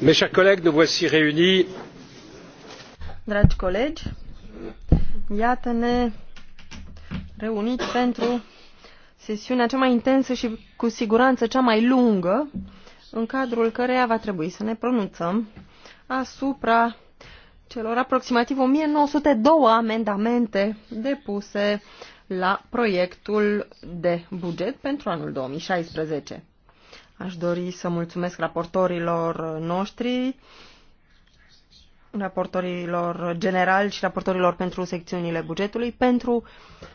Mes chers collègues, nous voici réunis. Dragi colegi, iată-ne reuniți pentru sesiunea cea mai intensă și cu siguranță cea mai lungă, în cadrul căreia va trebui să ne pronunțăm asupra celor aproximativ 1902 amendamente depuse la proiectul de buget pentru anul 2016. Aș dori să mulțumesc raportorilor noștri, raportorilor generali și raportorilor pentru secțiunile bugetului pentru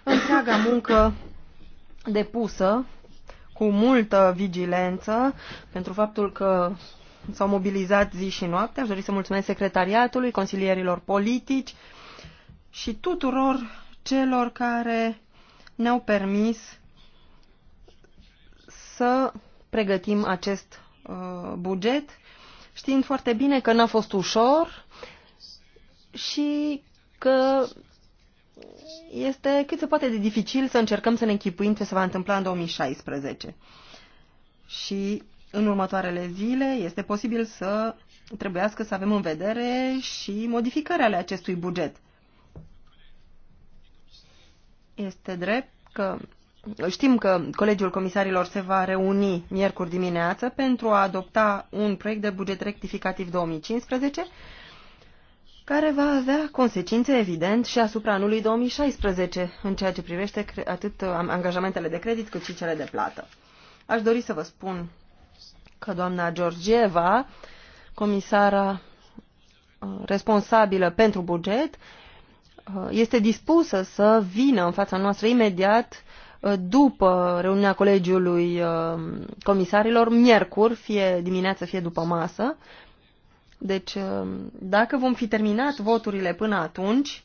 întreaga muncă depusă cu multă vigilență pentru faptul că s-au mobilizat zi și noapte. Aș dori să mulțumesc secretariatului, consilierilor politici și tuturor celor care ne-au permis să pregătim acest uh, buget, știind foarte bine că n-a fost ușor și că este cât se poate de dificil să încercăm să ne închipuim ce se va întâmpla în 2016. Și în următoarele zile este posibil să trebuiască să avem în vedere și modificări ale acestui buget. Este drept că știm că Colegiul Comisarilor se va reuni miercuri dimineață pentru a adopta un proiect de buget rectificativ 2015 care va avea consecințe, evident, și asupra anului 2016, în ceea ce privește atât angajamentele de credit cât și cele de plată. Aș dori să vă spun că doamna Georgieva, comisara uh, responsabilă pentru buget, Uh, este dispusă să vină în fața noastră imediat uh, după reuniunea colegiului uh, comisarilor, miercuri, fie dimineață, fie după masă. Deci, dacă vom fi terminat voturile până atunci,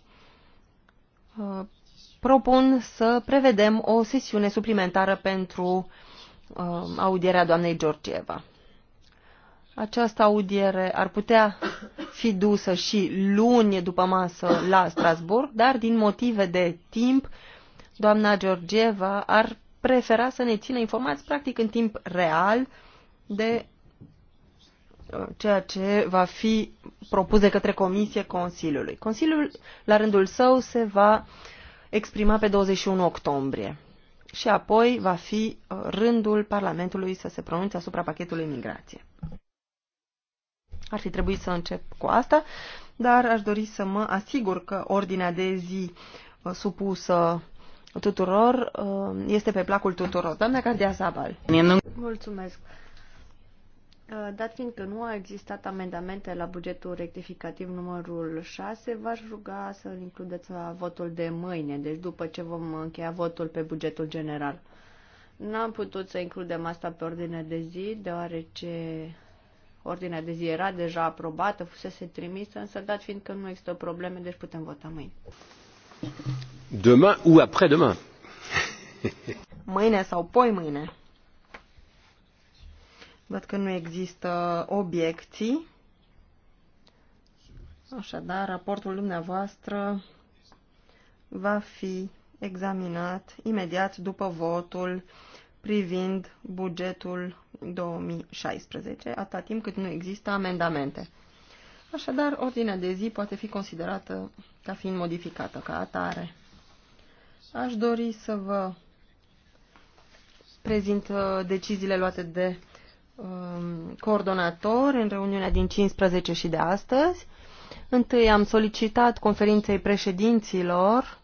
propun să prevedem o sesiune suplimentară pentru audierea doamnei Georgieva. Această audiere ar putea fi dusă și luni după masă la Strasburg, dar din motive de timp, doamna Georgieva ar prefera să ne țină informați practic în timp real de uh, ceea ce va fi propus de către Comisie Consiliului. Consiliul, la rândul său, se va exprima pe 21 octombrie și apoi va fi uh, rândul Parlamentului să se pronunțe asupra pachetului migrație. Ar fi trebuit să încep cu asta, dar aș dori să mă asigur că ordinea de zi uh, supusă tuturor uh, este pe placul tuturor. Doamna Cardia Zabal. Mulțumesc. Uh, dat fiind că nu a existat amendamente la bugetul rectificativ numărul 6, v-aș ruga să includeți la votul de mâine, deci după ce vom încheia votul pe bugetul general. N-am putut să includem asta pe ordine de zi, deoarece Ordinea de zi era deja aprobată, fusese trimisă, însă dat fiind că nu există probleme, deci putem vota mâine. Demain ou après-demain. mâine sau poi mâine. Văd că nu există obiecții. Așadar, raportul dumneavoastră va fi examinat imediat după votul privind bugetul 2016, atâta timp cât nu există amendamente. Așadar, ordinea de zi poate fi considerată ca fiind modificată ca atare. Aș dori să vă prezint uh, deciziile luate de um, coordonator în reuniunea din 15 și de astăzi. Întâi am solicitat conferinței președinților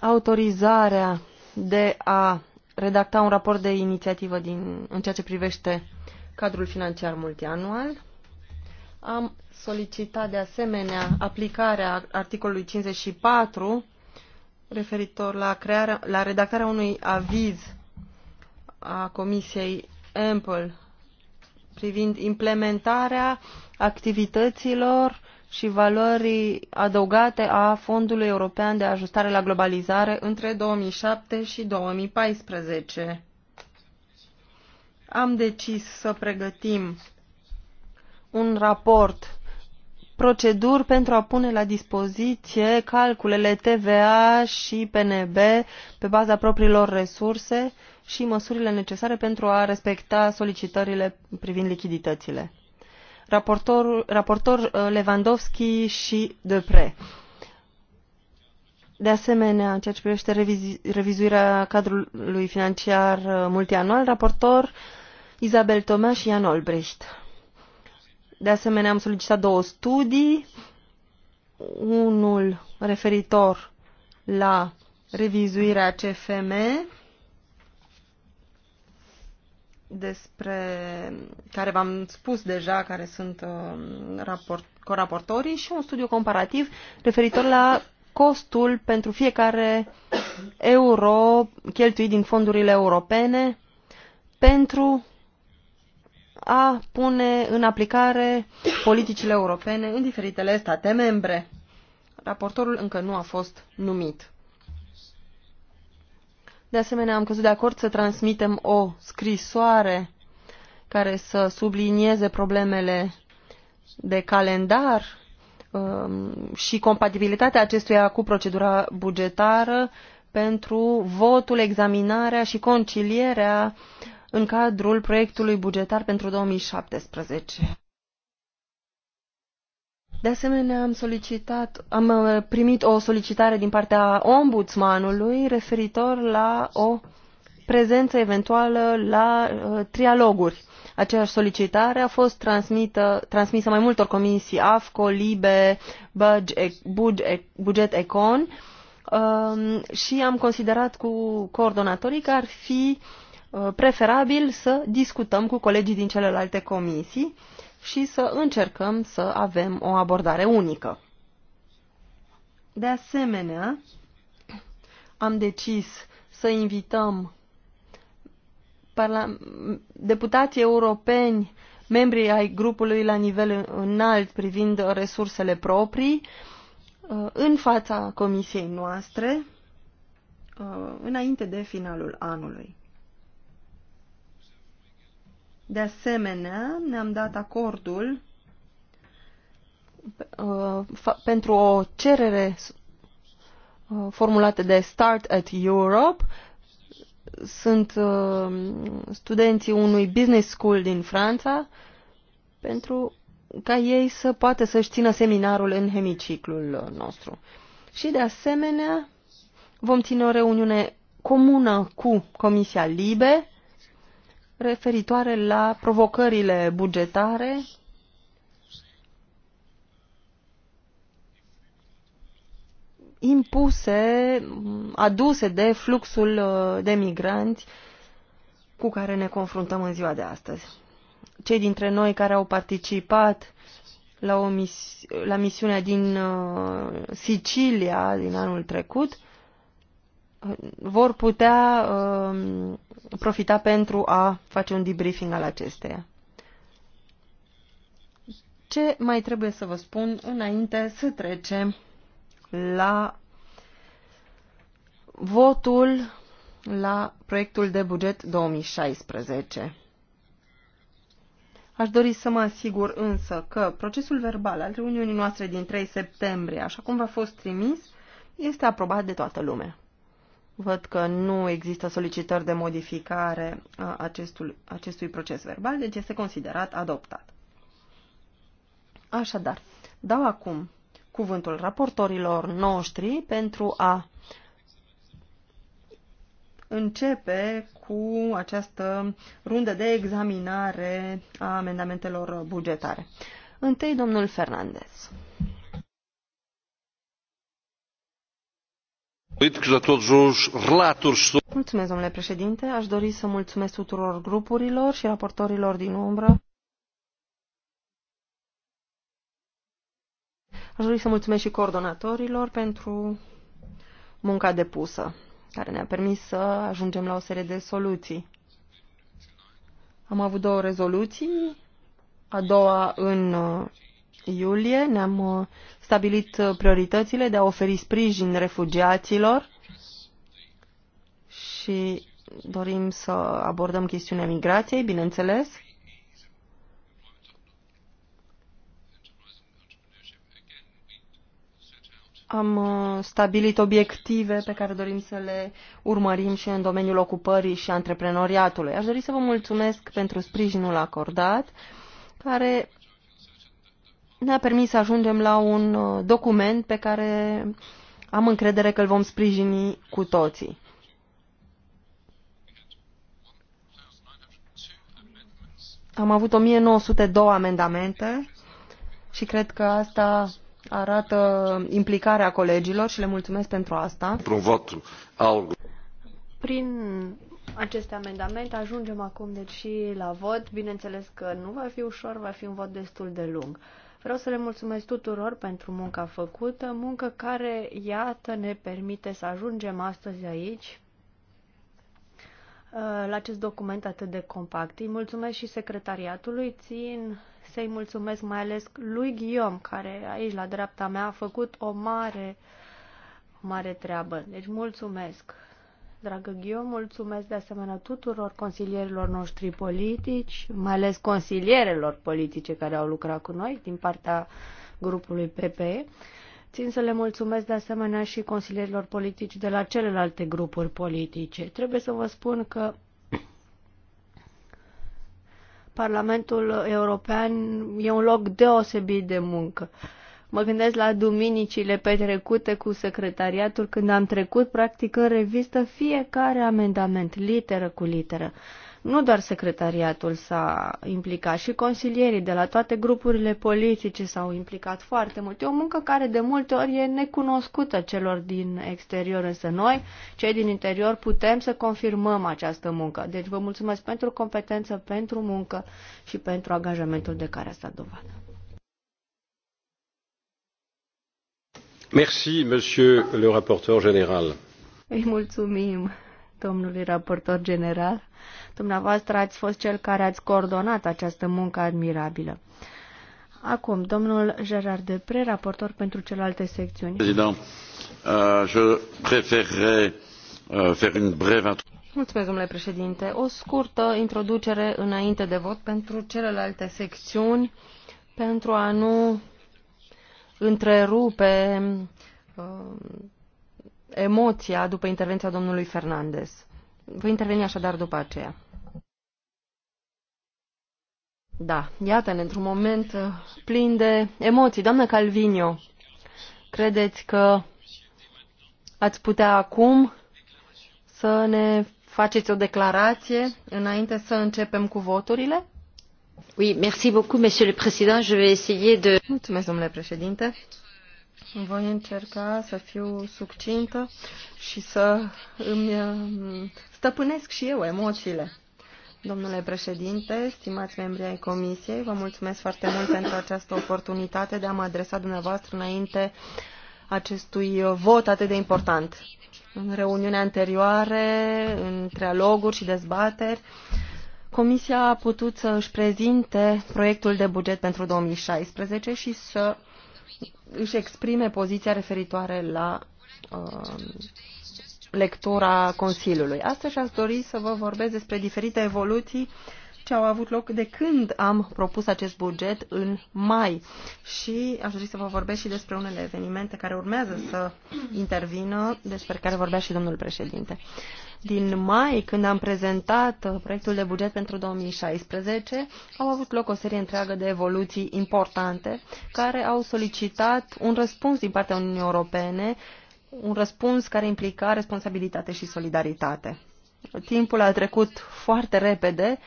autorizarea de a redacta un raport de inițiativă din, în ceea ce privește cadrul financiar multianual. Am solicitat de asemenea aplicarea articolului 54 referitor la, crearea, la redactarea unui aviz a Comisiei Ample privind implementarea activităților și valorii adăugate a Fondului European de Ajustare la Globalizare între 2007 și 2014. Am decis să pregătim un raport proceduri pentru a pune la dispoziție calculele TVA și PNB pe baza propriilor resurse și măsurile necesare pentru a respecta solicitările privind lichiditățile raportor, uh, Lewandowski și deprez. De asemenea, în ceea ce privește revizuirea cadrului financiar uh, multianual, raportor Isabel Tomea și Ian Olbrecht. De asemenea, am solicitat două studii, unul referitor la revizuirea CFM despre care v-am spus deja care sunt uh, raport, coraportorii și un studiu comparativ referitor la costul pentru fiecare euro cheltuit din fondurile europene pentru a pune în aplicare politicile europene în diferitele state membre. Raportorul încă nu a fost numit. De asemenea, am căzut de acord să transmitem o scrisoare care să sublinieze problemele de calendar um, și compatibilitatea acestuia cu procedura bugetară pentru votul, examinarea și concilierea în cadrul proiectului bugetar pentru 2017. De asemenea, am solicitat, am uh, primit o solicitare din partea ombudsmanului referitor la o prezență eventuală la uh, trialoguri. Aceeași solicitare a fost transmită, transmisă mai multor comisii AFCO, LIBE, Buget Econ um, și am considerat cu coordonatorii că ar fi uh, preferabil să discutăm cu colegii din celelalte comisii și să încercăm să avem o abordare unică. De asemenea, am decis să invităm deputații europeni, membrii ai grupului la nivel înalt privind resursele proprii, uh, în fața comisiei noastre, uh, înainte de finalul anului. De asemenea, ne-am dat acordul uh, pentru o cerere uh, formulată de Start at Europe. Sunt uh, studenții unui business school din Franța pentru ca ei să poată să-și țină seminarul în hemiciclul nostru. Și de asemenea vom ține o reuniune comună cu Comisia Libe referitoare la provocările bugetare impuse, aduse de fluxul uh, de migranți cu care ne confruntăm în ziua de astăzi. Cei dintre noi care au participat la, o misi- la misiunea din uh, Sicilia din anul trecut uh, vor putea um, profita pentru a face un debriefing al acesteia. Ce mai trebuie să vă spun înainte să trecem la votul la proiectul de buget 2016? Aș dori să mă asigur însă că procesul verbal al reuniunii noastre din 3 septembrie, așa cum v-a fost trimis, este aprobat de toată lumea. Văd că nu există solicitări de modificare a acestul, acestui proces verbal, deci este considerat adoptat. Așadar, dau acum cuvântul raportorilor noștri pentru a începe cu această rundă de examinare a amendamentelor bugetare. Întâi, domnul Fernandez. Mulțumesc, domnule președinte. Aș dori să mulțumesc tuturor grupurilor și raportorilor din umbră. Aș dori să mulțumesc și coordonatorilor pentru munca depusă, care ne-a permis să ajungem la o serie de soluții. Am avut două rezoluții, a doua în iulie ne-am uh, stabilit uh, prioritățile de a oferi sprijin refugiaților și dorim să abordăm chestiunea migrației, bineînțeles. Am uh, stabilit obiective pe care dorim să le urmărim și în domeniul ocupării și antreprenoriatului. Aș dori să vă mulțumesc pentru sprijinul acordat, care ne-a permis să ajungem la un uh, document pe care am încredere că îl vom sprijini cu toții. Am avut 1902 amendamente și cred că asta arată implicarea colegilor și le mulțumesc pentru asta. Prin aceste amendamente ajungem acum deci și la vot. Bineînțeles că nu va fi ușor, va fi un vot destul de lung. Vreau să le mulțumesc tuturor pentru munca făcută, muncă care, iată, ne permite să ajungem astăzi aici, uh, la acest document atât de compact. Îi mulțumesc și secretariatului, țin să-i mulțumesc mai ales lui Guillaume, care aici la dreapta mea a făcut o mare, o mare treabă. Deci mulțumesc dragă Ghio, mulțumesc de asemenea tuturor consilierilor noștri politici, mai ales consilierelor politice care au lucrat cu noi din partea grupului PPE. Țin să le mulțumesc de asemenea și consilierilor politici de la celelalte grupuri politice. Trebuie să vă spun că Parlamentul European e un loc deosebit de muncă. Uh, Mă gândesc la duminicile petrecute cu secretariatul când am trecut practic în revistă fiecare amendament, literă cu literă. Nu doar secretariatul s-a implicat, și consilierii de la toate grupurile politice s-au implicat foarte mult. E o muncă care de multe ori e necunoscută celor din exterior, însă noi, cei din interior, putem să confirmăm această muncă. Deci vă mulțumesc pentru competență, pentru muncă și pentru angajamentul de care ați dat dovadă. monsieur le rapporteur Îi mulțumim, domnului raportor general. Dumneavoastră ați fost cel care ați coordonat această muncă admirabilă. Acum, domnul Gerard deprez raportor pentru celelalte secțiuni. Euh, euh, Mulțumesc, domnule președinte. O scurtă introducere înainte de vot pentru celelalte secțiuni, pentru a nu întrerupe uh, emoția după intervenția domnului Fernandez. Voi interveni așadar după aceea. Da, iată-ne într-un moment uh, plin de emoții. Doamnă Calvinio, credeți că ați putea acum să ne faceți o declarație înainte să începem cu voturile? Mulțumesc, domnule președinte. Voi încerca să fiu succintă și să îmi um, stăpânesc și eu emoțiile. Domnule președinte, stimați membri ai Comisiei, vă mulțumesc foarte mult pentru această oportunitate de a mă adresa dumneavoastră înainte acestui vot atât de important. În reuniunea anterioare, în trialoguri și dezbateri, Comisia a putut să își prezinte proiectul de buget pentru 2016 și să își exprime poziția referitoare la uh, lectura Consiliului. Astăzi aș dori să vă vorbesc despre diferite evoluții uh, ce au avut loc de când am propus acest buget în mai. Și aș dori să vă vorbesc și despre unele evenimente care urmează să intervină, despre care vorbea și domnul președinte. Din mai, când am prezentat proiectul de buget pentru 2016, au avut loc o serie întreagă de evoluții importante care au solicitat un răspuns din partea Uniunii Europene un răspuns care implica responsabilitate și solidaritate. Timpul a trecut foarte repede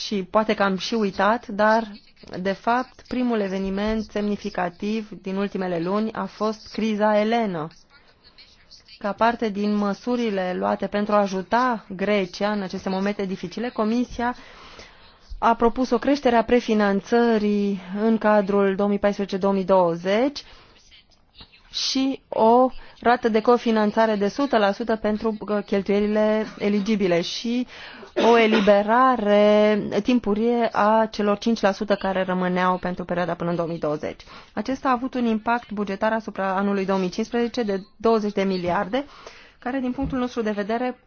și poate că am și uitat, dar de fapt primul eveniment semnificativ din ultimele luni a fost criza elenă. Ca parte din măsurile luate pentru a ajuta Grecia în aceste momente dificile, Comisia a propus o creștere a prefinanțării în cadrul 2014-2020 și o rată de cofinanțare de 100% pentru uh, cheltuielile eligibile și o eliberare timpurie a celor 5% care rămâneau pentru perioada până în 2020. Acesta a avut un impact bugetar asupra anului 2015 de 20 de miliarde, care din punctul nostru de vedere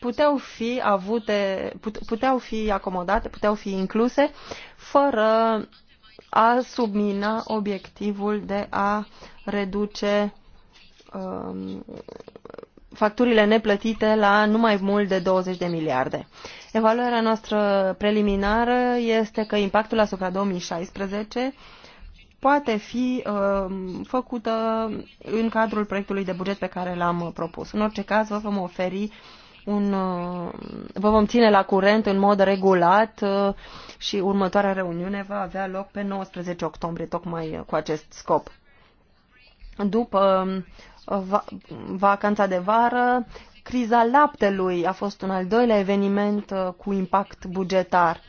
puteau fi avute, puteau fi acomodate, puteau fi incluse fără a submina obiectivul de a reduce Um, facturile neplătite la nu mai mult de 20 de miliarde. Evaluarea noastră preliminară este că impactul asupra 2016 poate fi uh, făcută în cadrul proiectului de buget pe care l-am propus. În orice caz, vă vom oferi un, uh, vă vom ține la curent în mod regulat uh, și următoarea reuniune va avea loc pe 19 octombrie, tocmai uh, cu acest scop după uh, vacanța de vară, criza laptelui a fost un al doilea eveniment uh, cu impact bugetar.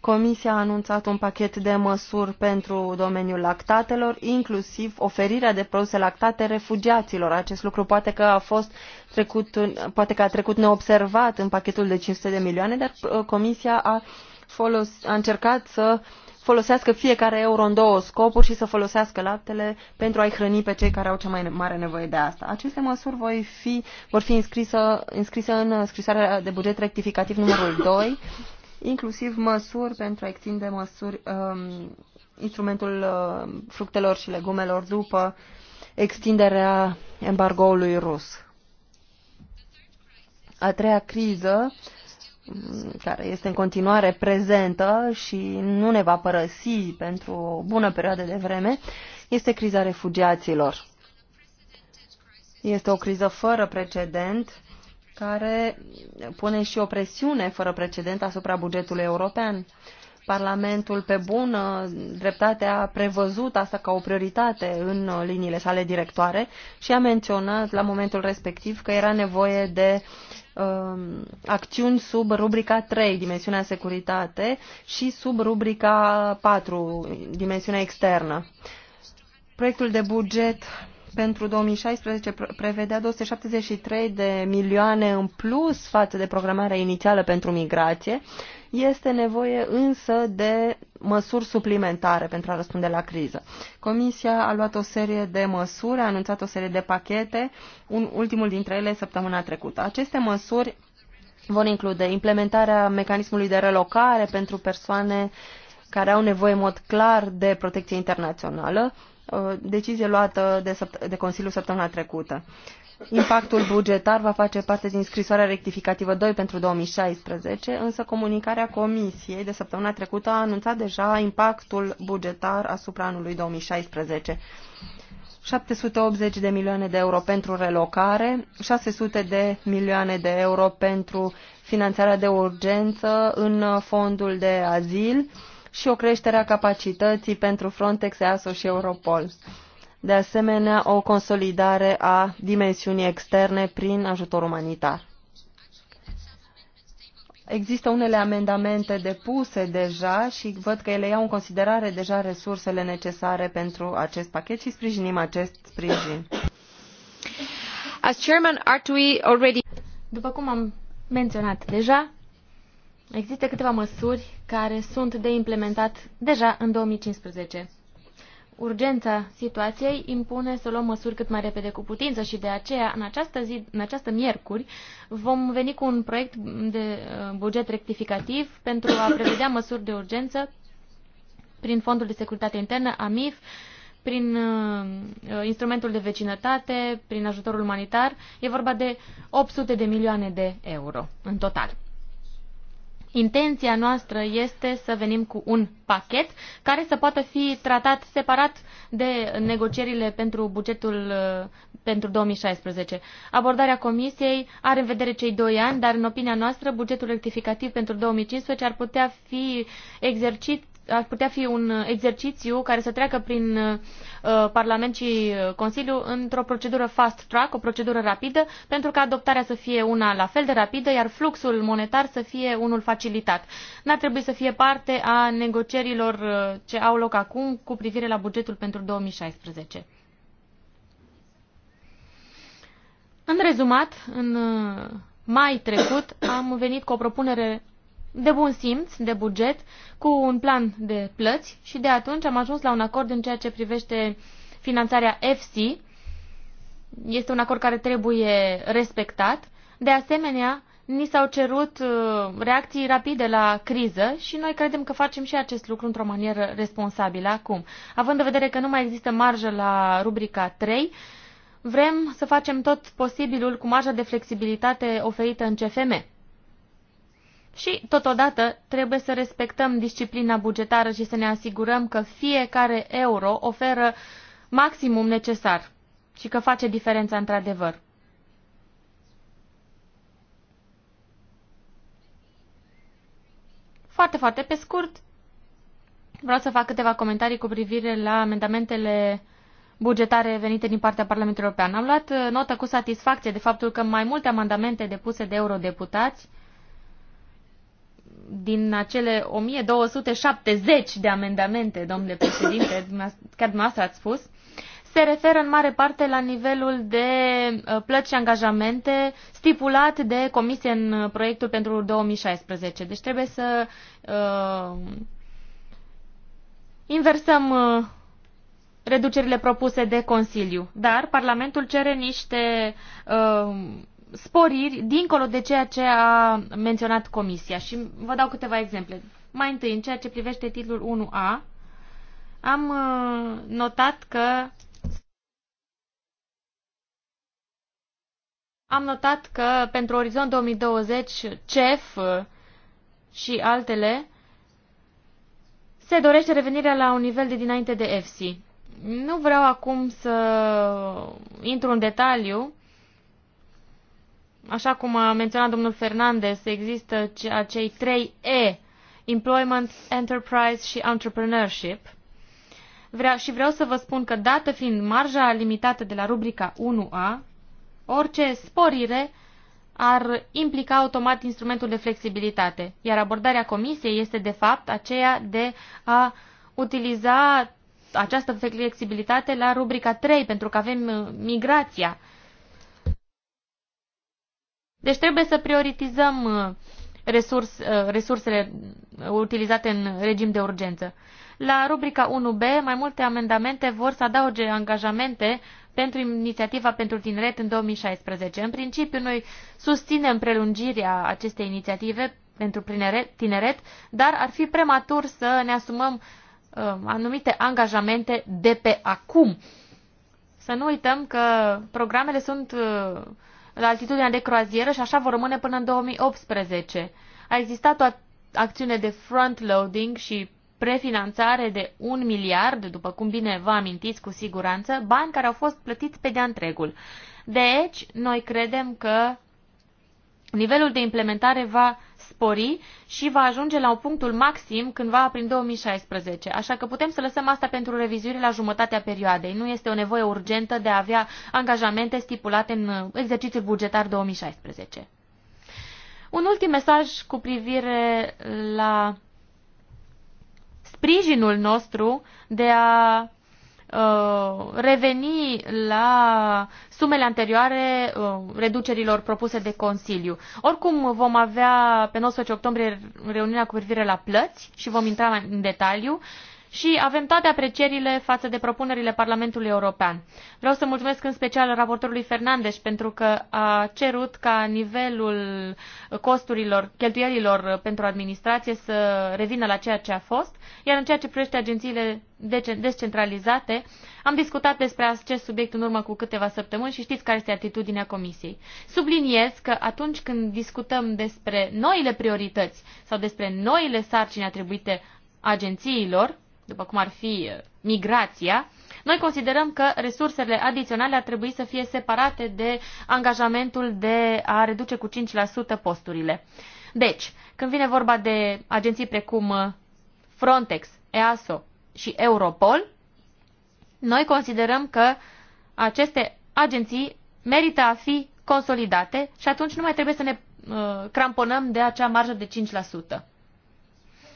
Comisia a anunțat un pachet de măsuri pentru domeniul lactatelor, inclusiv oferirea de produse lactate refugiaților. Acest lucru poate că a fost trecut, poate că a trecut neobservat în pachetul de 500 de milioane, dar uh, Comisia a, folos, a încercat să folosească fiecare euro în două scopuri și să folosească laptele pentru a-i hrăni pe cei care au cea mai mare nevoie de asta. Aceste măsuri voi fi, vor fi înscrisă, înscrise în scrisoarea de buget rectificativ numărul 2, inclusiv măsuri pentru a extinde măsuri, um, instrumentul um, fructelor și legumelor după extinderea embargoului rus. A treia criză uh, care este în continuare prezentă și nu ne va părăsi pentru o bună perioadă de vreme, este criza refugiaților. Este o criză fără precedent care pune și o presiune fără precedent asupra bugetului european. Parlamentul pe bun dreptate a prevăzut asta ca o prioritate în uh, liniile sale directoare și a menționat la momentul respectiv că era nevoie de uh, acțiuni sub rubrica 3, dimensiunea securitate, și sub rubrica 4, dimensiunea externă. Proiectul de buget pentru 2016 prevedea 273 de milioane în plus față de programarea inițială pentru migrație. Este nevoie însă de măsuri suplimentare pentru a răspunde la criză. Comisia a luat o serie de măsuri, a anunțat o serie de pachete, un, ultimul dintre ele săptămâna trecută. Aceste măsuri vor include implementarea mecanismului de relocare pentru persoane care au nevoie în mod clar de protecție internațională, Uh, decizie luată de, de Consiliul săptămâna trecută. Impactul bugetar va face parte din scrisoarea rectificativă 2 pentru 2016, însă comunicarea Comisiei de săptămâna trecută a anunțat deja impactul bugetar asupra anului 2016. 780 de milioane de euro pentru relocare, 600 de milioane de euro pentru finanțarea de urgență în fondul de azil, și o creștere a capacității pentru Frontex, EASO și Europol. De asemenea, o consolidare a dimensiunii externe prin ajutor umanitar. Există unele amendamente depuse deja și văd că ele iau în considerare deja resursele necesare pentru acest pachet și sprijinim acest sprijin. As chairman, we already... După cum am menționat deja, Există câteva măsuri care sunt de implementat deja în 2015. Urgența situației impune să luăm măsuri cât mai repede cu putință și de aceea, în această, zi, în această miercuri, vom veni cu un proiect de uh, buget rectificativ pentru a prevedea măsuri de urgență prin Fondul de Securitate Internă, AMIF, prin uh, instrumentul de vecinătate, prin ajutorul umanitar. E vorba de 800 de milioane de euro în total. Intenția noastră este să venim cu un pachet care să poată fi tratat separat de negocierile pentru bugetul uh, pentru 2016. Abordarea Comisiei are în vedere cei doi ani, dar în opinia noastră bugetul rectificativ pentru 2015 ar putea fi exercit, ar putea fi un exercițiu care să treacă prin uh, Parlament și Consiliu într-o procedură fast track, o procedură rapidă, pentru ca adoptarea să fie una la fel de rapidă, iar fluxul monetar să fie unul facilitat. N-ar trebui să fie parte a negocierilor uh, ce au loc acum cu privire la bugetul pentru 2016. În rezumat, în uh, mai trecut am venit cu o propunere de bun simț, de buget, cu un plan de plăți și de atunci am ajuns la un acord în ceea ce privește finanțarea FC. Este un acord care trebuie respectat. De asemenea, ni s-au cerut uh, reacții rapide la criză și noi credem că facem și acest lucru într-o manieră responsabilă acum. Având în vedere că nu mai există marjă la rubrica 3, vrem să facem tot posibilul cu marja de flexibilitate oferită în CFM. Și, totodată, trebuie să respectăm disciplina bugetară și să ne asigurăm că fiecare euro oferă maximum necesar și că face diferența într-adevăr. Foarte, foarte pe scurt, vreau să fac câteva comentarii cu privire la amendamentele bugetare venite din partea Parlamentului European. Am luat uh, notă cu satisfacție de faptul că mai multe amendamente depuse de eurodeputați din acele 1270 de amendamente, domnule președinte, chiar dumneavoastră ați spus, se referă în mare parte la nivelul de uh, plăți și angajamente stipulat de comisie în uh, proiectul pentru 2016. Deci trebuie să uh, inversăm uh, reducerile propuse de Consiliu. Dar Parlamentul cere niște uh, sporiri dincolo de ceea ce a menționat Comisia. Și vă dau câteva exemple. Mai întâi, în ceea ce privește titlul 1A, am uh, notat că am notat că pentru Orizont 2020, CEF uh, și altele, se dorește revenirea la un nivel de dinainte de EFSI. Nu vreau acum să intru în detaliu, așa cum a menționat domnul Fernandez, există acei trei E, Employment, Enterprise și Entrepreneurship. Vrea, și vreau să vă spun că, dată fiind marja limitată de la rubrica 1A, orice sporire ar implica automat instrumentul de flexibilitate, iar abordarea comisiei este, de fapt, aceea de a utiliza această flexibilitate la rubrica 3, pentru că avem uh, migrația, deci trebuie să prioritizăm uh, resurs, uh, resursele uh, utilizate în regim de urgență. La rubrica 1b, mai multe amendamente vor să adauge angajamente pentru inițiativa pentru tineret în 2016. În principiu, noi susținem prelungirea acestei inițiative pentru tineret, dar ar fi prematur să ne asumăm anumite angajamente de pe acum. Să nu uităm că programele sunt la altitudinea de croazieră și așa vor rămâne până în 2018. A existat o acțiune de front-loading și prefinanțare de un miliard, după cum bine vă amintiți cu siguranță, bani care au fost plătiți pe de-a întregul. Deci, noi credem că nivelul de implementare va spori și va ajunge la un punctul maxim cândva prin 2016. Așa că putem să lăsăm asta pentru revizuire la jumătatea perioadei. Nu este o nevoie urgentă de a avea angajamente stipulate în uh, exercițiul bugetar 2016. Un ultim mesaj cu privire uh, la sprijinul nostru de a Uh, reveni la sumele anterioare uh, reducerilor propuse de Consiliu. Oricum vom avea pe 19 octombrie reuniunea cu privire la plăți și vom intra în detaliu și avem toate aprecierile față de propunerile Parlamentului European. Vreau să mulțumesc în special raportorului Fernandes pentru că a cerut ca nivelul costurilor, cheltuielilor pentru administrație să revină la ceea ce a fost, iar în ceea ce privește agențiile descentralizate, am discutat despre acest subiect în urmă cu câteva săptămâni și știți care este atitudinea Comisiei. Subliniez că atunci când discutăm despre noile priorități sau despre noile sarcini atribuite agențiilor, după cum ar fi uh, migrația, noi considerăm că resursele adiționale ar trebui să fie separate de angajamentul de a reduce cu 5% posturile. Deci, când vine vorba de agenții precum uh, Frontex, EASO și Europol, noi considerăm că aceste agenții merită a fi consolidate și atunci nu mai trebuie să ne uh, cramponăm de acea marjă de 5%.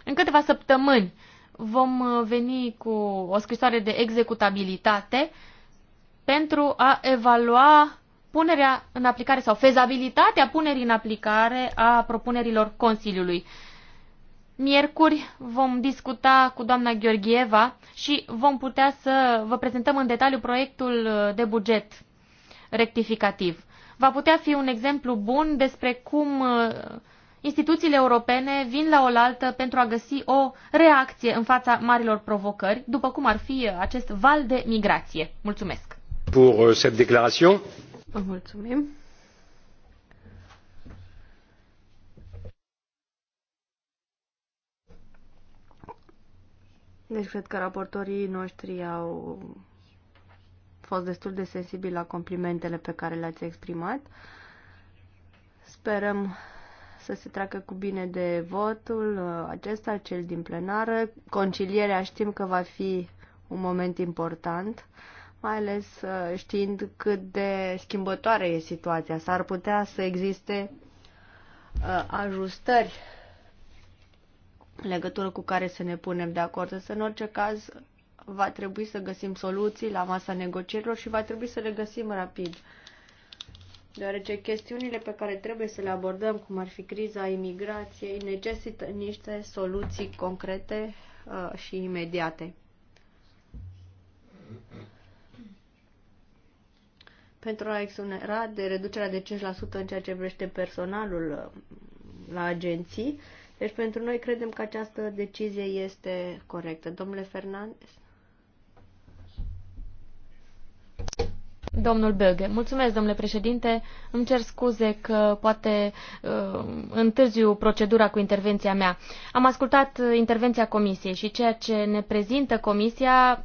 În câteva săptămâni vom uh, veni cu o scrisoare de executabilitate pentru a evalua punerea în aplicare sau fezabilitatea punerii în aplicare a propunerilor Consiliului. Miercuri vom discuta cu doamna Gheorgheva și vom putea să vă prezentăm în detaliu proiectul uh, de buget rectificativ. Va putea fi un exemplu bun despre cum uh, instituțiile europene vin la oaltă pentru a găsi o reacție în fața marilor provocări, după cum ar fi acest val de migrație. Mulțumesc! Pour euh, cette déclaration. Mulțumim! Deci cred că raportorii noștri au fost destul de sensibili la complimentele pe care le-ați exprimat. Sperăm să se treacă cu bine de votul uh, acesta, cel din plenară. Concilierea știm că va fi un moment important, mai ales uh, știind cât de schimbătoare e situația. S-ar putea să existe uh, ajustări în legătură cu care să ne punem de acord. Însă, în orice caz, va trebui să găsim soluții la masa negocierilor și va trebui să le găsim rapid deoarece chestiunile pe care trebuie să le abordăm, cum ar fi criza imigrației, necesită niște soluții concrete uh, și imediate. Pentru a exonera de reducerea de 5% în ceea ce vrește personalul uh, la agenții, deci pentru noi credem că această decizie este corectă. Domnule Fernandez? Domnul Böge, mulțumesc, domnule președinte. Îmi cer scuze că poate uh, întârziu procedura cu intervenția mea. Am ascultat uh, intervenția comisiei și ceea ce ne prezintă comisia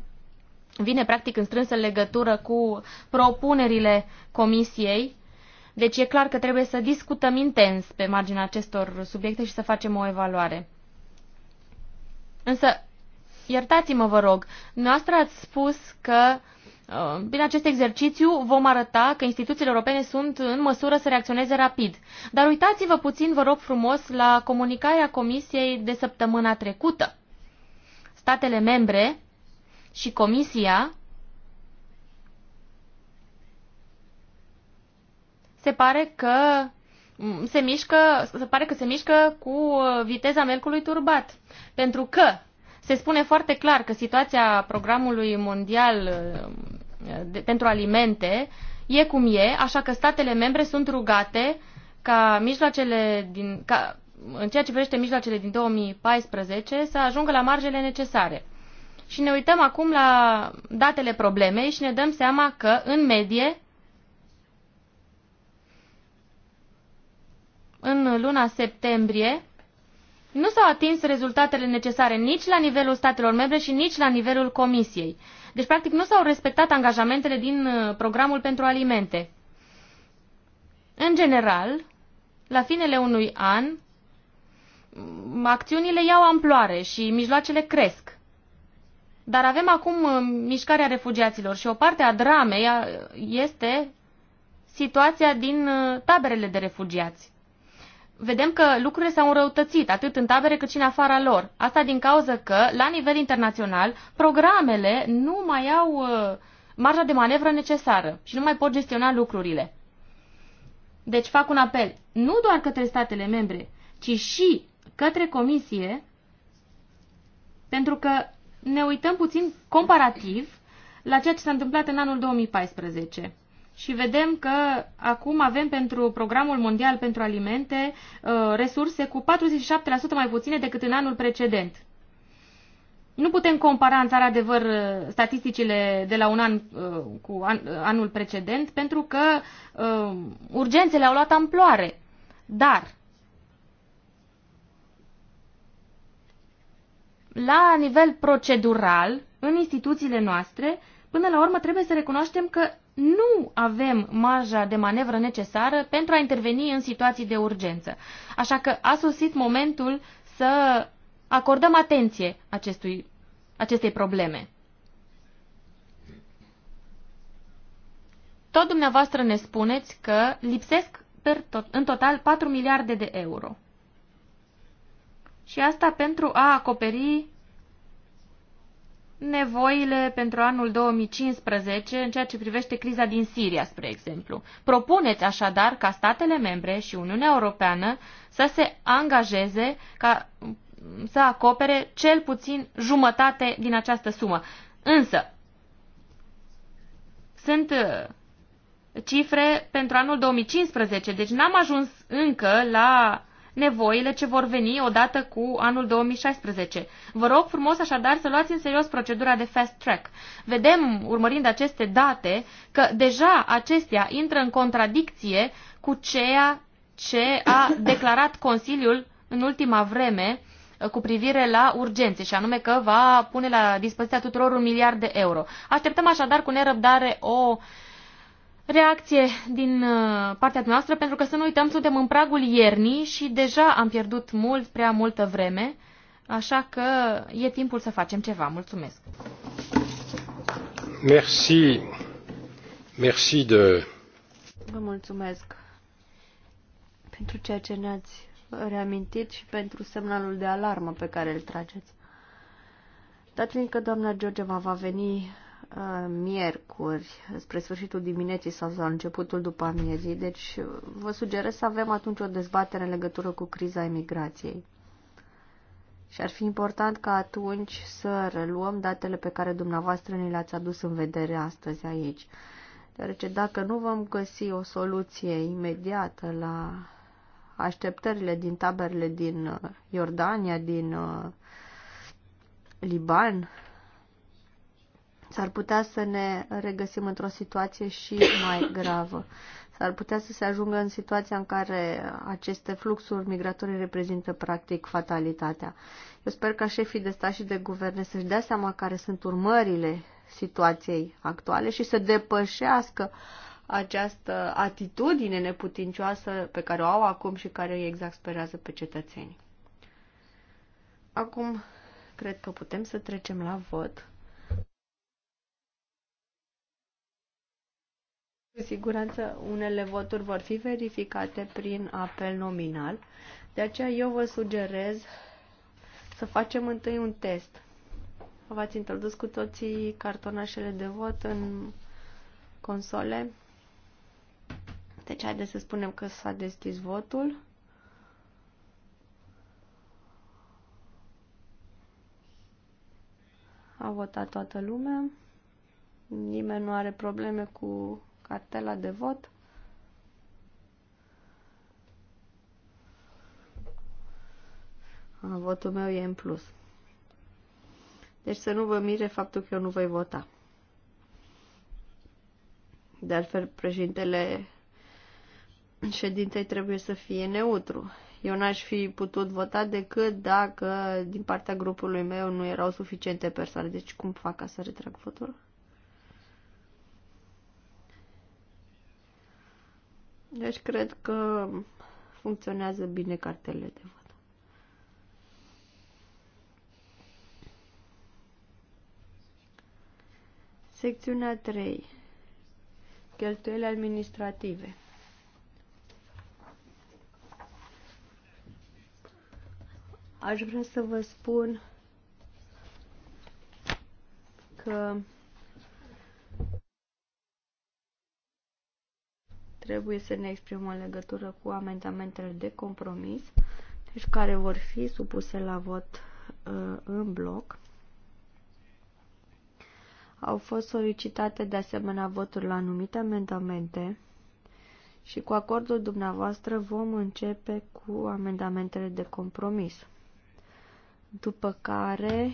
vine practic în strânsă legătură cu propunerile comisiei. Deci e clar că trebuie să discutăm intens pe marginea acestor subiecte și să facem o evaluare. Însă, iertați-mă, vă rog, noastră ați spus că Uh, prin acest exercițiu vom arăta că instituțiile europene sunt în măsură să reacționeze rapid. Dar uitați-vă puțin, vă rog frumos, la comunicarea Comisiei de săptămâna trecută. Statele membre și Comisia se pare că mm, se mișcă, se pare că se mișcă cu uh, viteza melcului turbat. Pentru că se spune foarte clar că situația programului mondial uh, de, pentru alimente e cum e, așa că statele membre sunt rugate ca mijloacele din, ca, în ceea ce privește mijloacele din 2014 să ajungă la marjele necesare. Și ne uităm acum la datele problemei și ne dăm seama că, în medie, în luna septembrie, nu s-au atins rezultatele necesare nici la nivelul statelor membre și nici la nivelul Comisiei. Deci, practic, nu s-au respectat angajamentele din uh, programul pentru alimente. În general, la finele unui an, acțiunile iau amploare și mijloacele cresc. Dar avem acum uh, mișcarea refugiaților și o parte a dramei uh, este situația din taberele de refugiați vedem că lucrurile s-au înrăutățit, atât în tabere cât și în afara lor. Asta din cauza că, la nivel internațional, programele nu mai au uh, marja de manevră necesară și nu mai pot gestiona lucrurile. Deci fac un apel nu doar către statele membre, ci și către comisie, pentru că ne uităm puțin comparativ la ceea ce s-a întâmplat în anul 2014 și vedem că acum avem pentru Programul Mondial pentru Alimente uh, resurse cu 47% mai puține decât în anul precedent. Nu putem compara în țară adevăr uh, statisticile de la un an uh, cu anul precedent, pentru că urgențele au luat amploare. Dar la nivel procedural, în instituțiile noastre, până la urmă trebuie să recunoaștem că nu avem marja de manevră necesară pentru a interveni în situații de urgență. Așa că a sosit momentul să acordăm atenție acestui, acestei probleme. Tot dumneavoastră ne spuneți că lipsesc per tot, în total 4 miliarde de euro. Și asta pentru a acoperi nevoile pentru anul 2015 în ceea ce privește criza din Siria, spre exemplu. Propuneți așadar ca statele membre și Uniunea Europeană să se angajeze ca să acopere cel puțin jumătate din această sumă. Însă, sunt uh, cifre pentru anul 2015, deci n-am ajuns încă la nevoile ce vor veni odată cu anul 2016. Vă rog frumos așadar să luați în serios procedura de fast track. Vedem, urmărind aceste date, că deja acestea intră în contradicție cu ceea ce a declarat Consiliul în ultima vreme uh, cu privire la urgențe, și anume că va pune la dispoziția tuturor un miliard de euro. Așteptăm așadar cu nerăbdare o uh, reacție din uh, partea noastră, pentru că să nu uităm, suntem în pragul iernii și deja am pierdut mult, prea multă vreme, așa că e timpul să facem ceva. Mulțumesc! Merci. Merci de... Vă mulțumesc pentru ceea ce ne-ați reamintit și pentru semnalul de alarmă pe care îl trageți. Dat fiindcă doamna Georgeva va veni miercuri, spre sfârșitul dimineții sau la începutul după amiezii, deci uh, vă sugerez să avem atunci o dezbatere în legătură cu criza emigrației. Și ar fi important ca atunci să reluăm datele pe care dumneavoastră ni le-ați adus în vedere astăzi aici. Deoarece dacă nu vom găsi o soluție imediată la așteptările din taberele din uh, Iordania, din uh, Liban, s-ar putea să ne regăsim într-o situație și mai gravă. S-ar putea să se ajungă în situația în care aceste fluxuri migratorii reprezintă practic fatalitatea. Eu sper ca șefii de stat și de guverne să-și dea seama care sunt urmările situației actuale și să depășească această atitudine neputincioasă pe care o au acum și care îi exasperează pe cetățenii. Acum, cred că putem să trecem la vot. Cu siguranță unele voturi vor fi verificate prin apel nominal, de aceea eu vă sugerez să facem întâi un test. V-ați introdus cu toții cartonașele de vot în console. Deci haideți să spunem că s-a deschis votul. A votat toată lumea. Nimeni nu are probleme cu cartela de vot. Votul meu e în plus. Deci să nu vă mire faptul că eu nu voi vota. De altfel, președintele ședintei trebuie să fie neutru. Eu n-aș fi putut vota decât dacă din partea grupului meu nu erau suficiente persoane. Deci cum fac ca să retrag votul? Deci cred că funcționează bine cartelele de vot. Secțiunea 3. Cheltuieli administrative. Aș vrea să vă spun că trebuie să ne exprimăm în legătură cu amendamentele de compromis, deci care vor fi supuse la vot uh, în bloc. Au fost solicitate de asemenea voturi la anumite amendamente și cu acordul dumneavoastră vom începe cu amendamentele de compromis. După care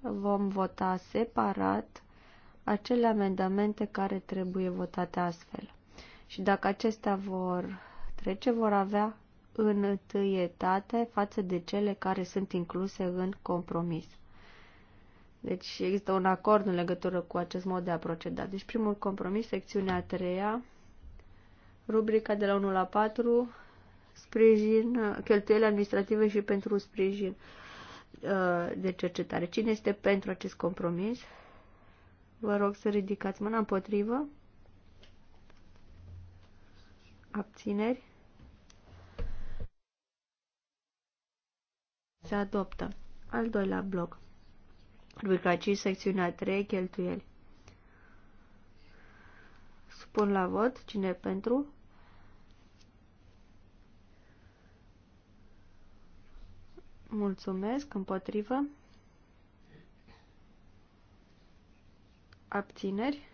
vom vota separat acele amendamente care trebuie votate astfel. Și dacă acestea vor trece, vor avea întâietate față de cele care sunt incluse în compromis. Deci există un acord în legătură cu acest mod de a proceda. Deci primul compromis, secțiunea a treia, rubrica de la 1 la 4, sprijin, cheltuieli administrative și pentru sprijin uh, de cercetare. Cine este pentru acest compromis? Vă rog să ridicați mâna împotrivă abțineri, se adoptă. Al doilea bloc. Rubrica 5, secțiunea 3, cheltuieli. Supun la vot cine e pentru. Mulțumesc, împotrivă. Abțineri.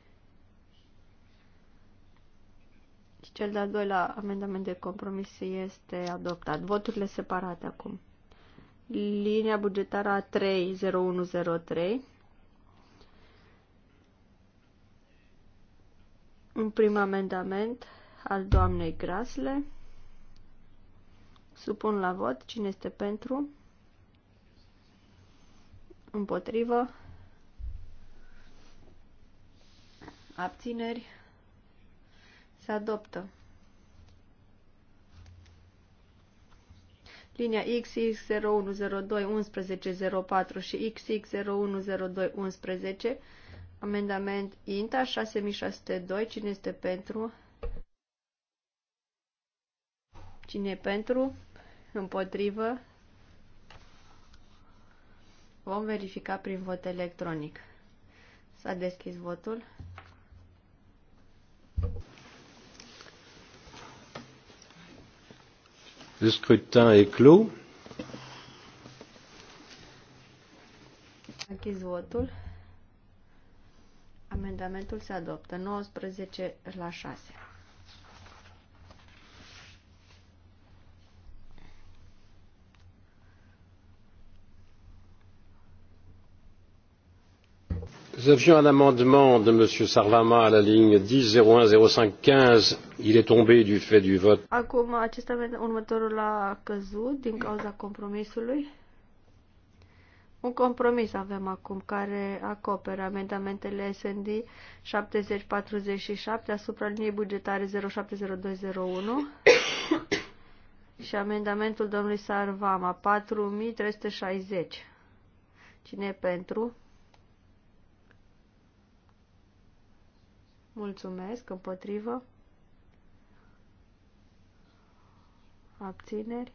Cel de-al doilea amendament de compromis este adoptat. Voturile separate acum. Linia bugetară a 30103. Un prim amendament al doamnei Grasle. Supun la vot cine este pentru. Împotrivă. Abțineri. Se adoptă. Linia XX0102-1104 și XX0102-11, amendament INTA 6602, cine este pentru? Cine e pentru? Împotrivă? Vom verifica prin vot electronic. S-a deschis votul. Le scrutin est clos. Închis votul. Amendamentul se adoptă 19 la 6. nous avions un amendement de m. sarvamaa la ligne dix zéro un zéro cinq quinze il est tombé du fait du vote. Acum acest amendament următorul a căzut din cauza compromisului. Un compromis avem acum care acoperă amendamentele SND 7047 asupra liniei bugetare 070201 și amendamentul domnului Sarvama 4360. Cine e pentru? Mulțumesc. Împotrivă. Abțineri.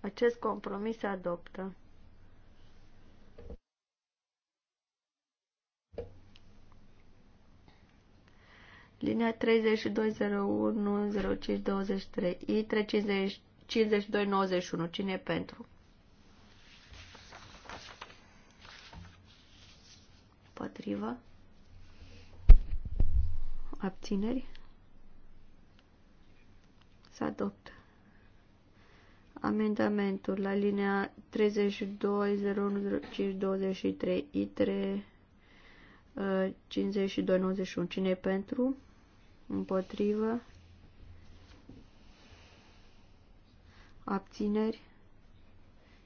Acest compromis se adoptă. Linia 3201-0523, I3 5291. Cine e pentru? Potrivă abțineri, Să adopt Amendamentul la linea 32.01.523 ITRE 52.91. Cine pentru? Împotrivă? Abțineri?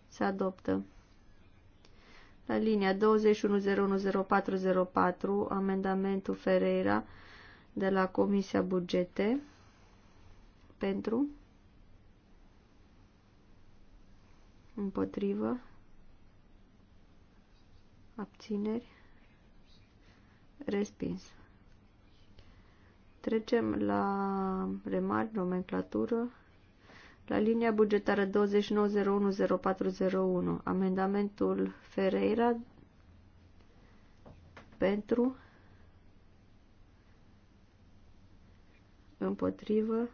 Se adoptă. La linia 21.01.0404 amendamentul Ferreira de la Comisia Bugete pentru împotrivă abțineri respins. Trecem la remarc nomenclatură. La linia bugetară 29010401, amendamentul Ferreira pentru împotrivă,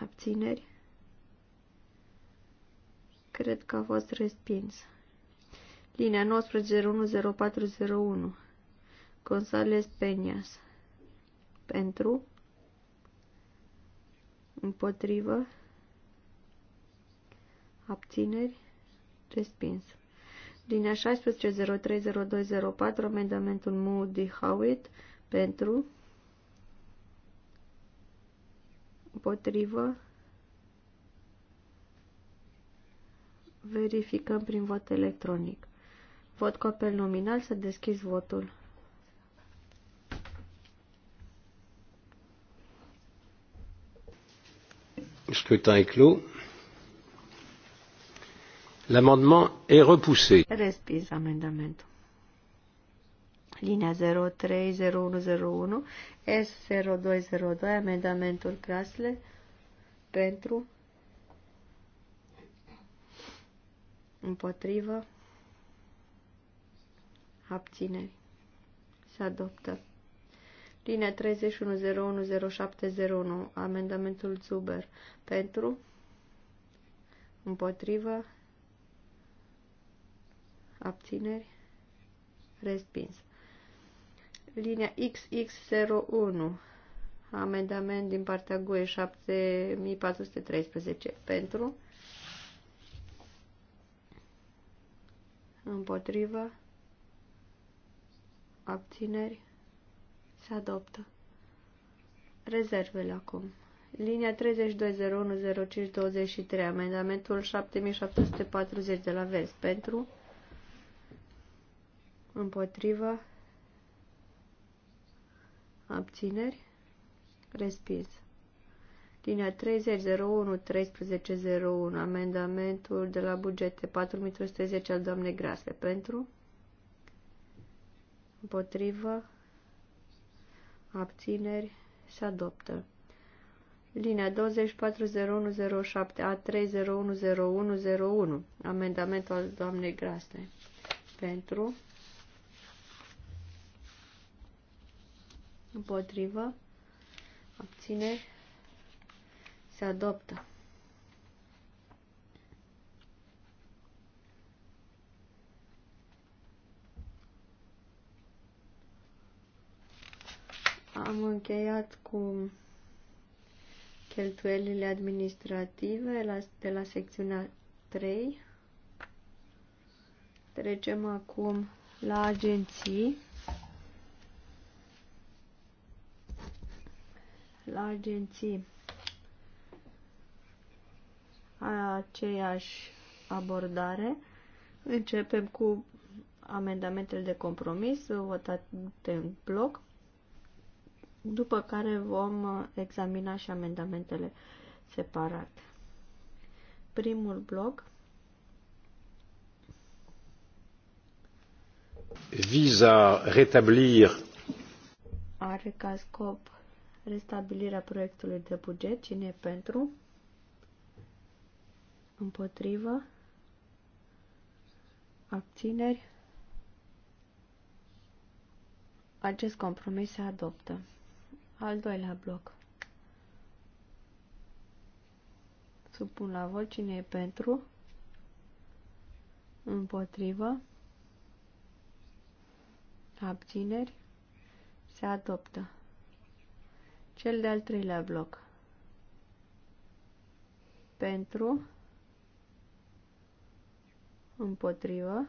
abțineri, cred că a fost respins. Linia 19010401 Gonzales Peñas Pentru Împotrivă Abțineri Respins Linia 16030204, amendamentul Moody Howitt pentru împotrivă verificăm prin vot electronic. Vot cu apel nominal să deschizi votul. Scrutin clos. L'amendement est repoussé. Respins amendement. Linia 030101, S0202, amendamentul Crasle pentru, împotrivă, abțineri. Se adoptă. Linia 31010709, amendamentul Zuber, pentru, împotrivă, abțineri, respins. Linia XX01, amendament din partea GUE 7413, pentru, împotrivă, abțineri, se adoptă. Rezervele acum. Linia 32010523, amendamentul 7740 de la vers pentru, împotrivă, abțineri, respins. Linia 3001 1301, amendamentul de la bugete 4310 al doamnei Grasle pentru, împotrivă, abțineri, se adoptă. Linia 240107 A3010101, amendamentul al doamnei Grasle pentru, Împotrivă. Abțineri. Se adoptă. Am încheiat cu cheltuielile administrative de la secțiunea 3. Trecem acum la agenții. la agenții aceeași abordare. Începem cu amendamentele de compromis votate în bloc, după care vom examina și amendamentele separate. Primul bloc vise à rétablir are ca scop Restabilirea proiectului de buget. Cine e pentru? Împotrivă. Abțineri. Acest compromis se adoptă. Al doilea bloc. Supun la vot cine e pentru. Împotrivă. Abțineri. Se adoptă. Cel de-al treilea bloc. Pentru, împotrivă,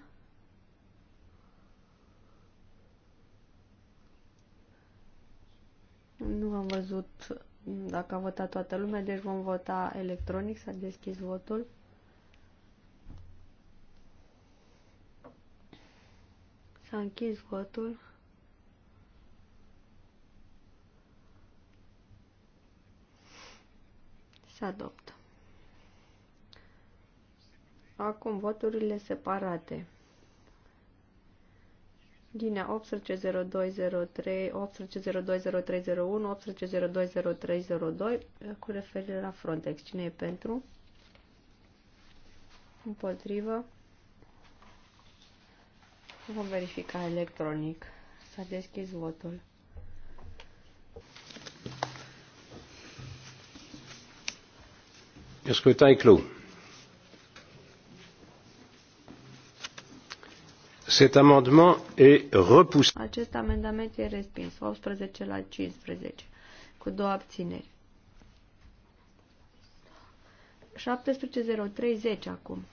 Nu am văzut dacă a votat toată lumea, deci vom vota electronic, s-a deschis votul. S-a închis votul. Se adoptă. Acum voturile separate. Linea 180203, 18020301, cu referire la Frontex. Cine e pentru? Împotrivă. Vom verifica electronic. S-a deschis votul. Le scrutin est clos. Cet amendement est repoussé. Acest amendament est respins, 18 la 15, cu două abțineri. 17.03.10 acum.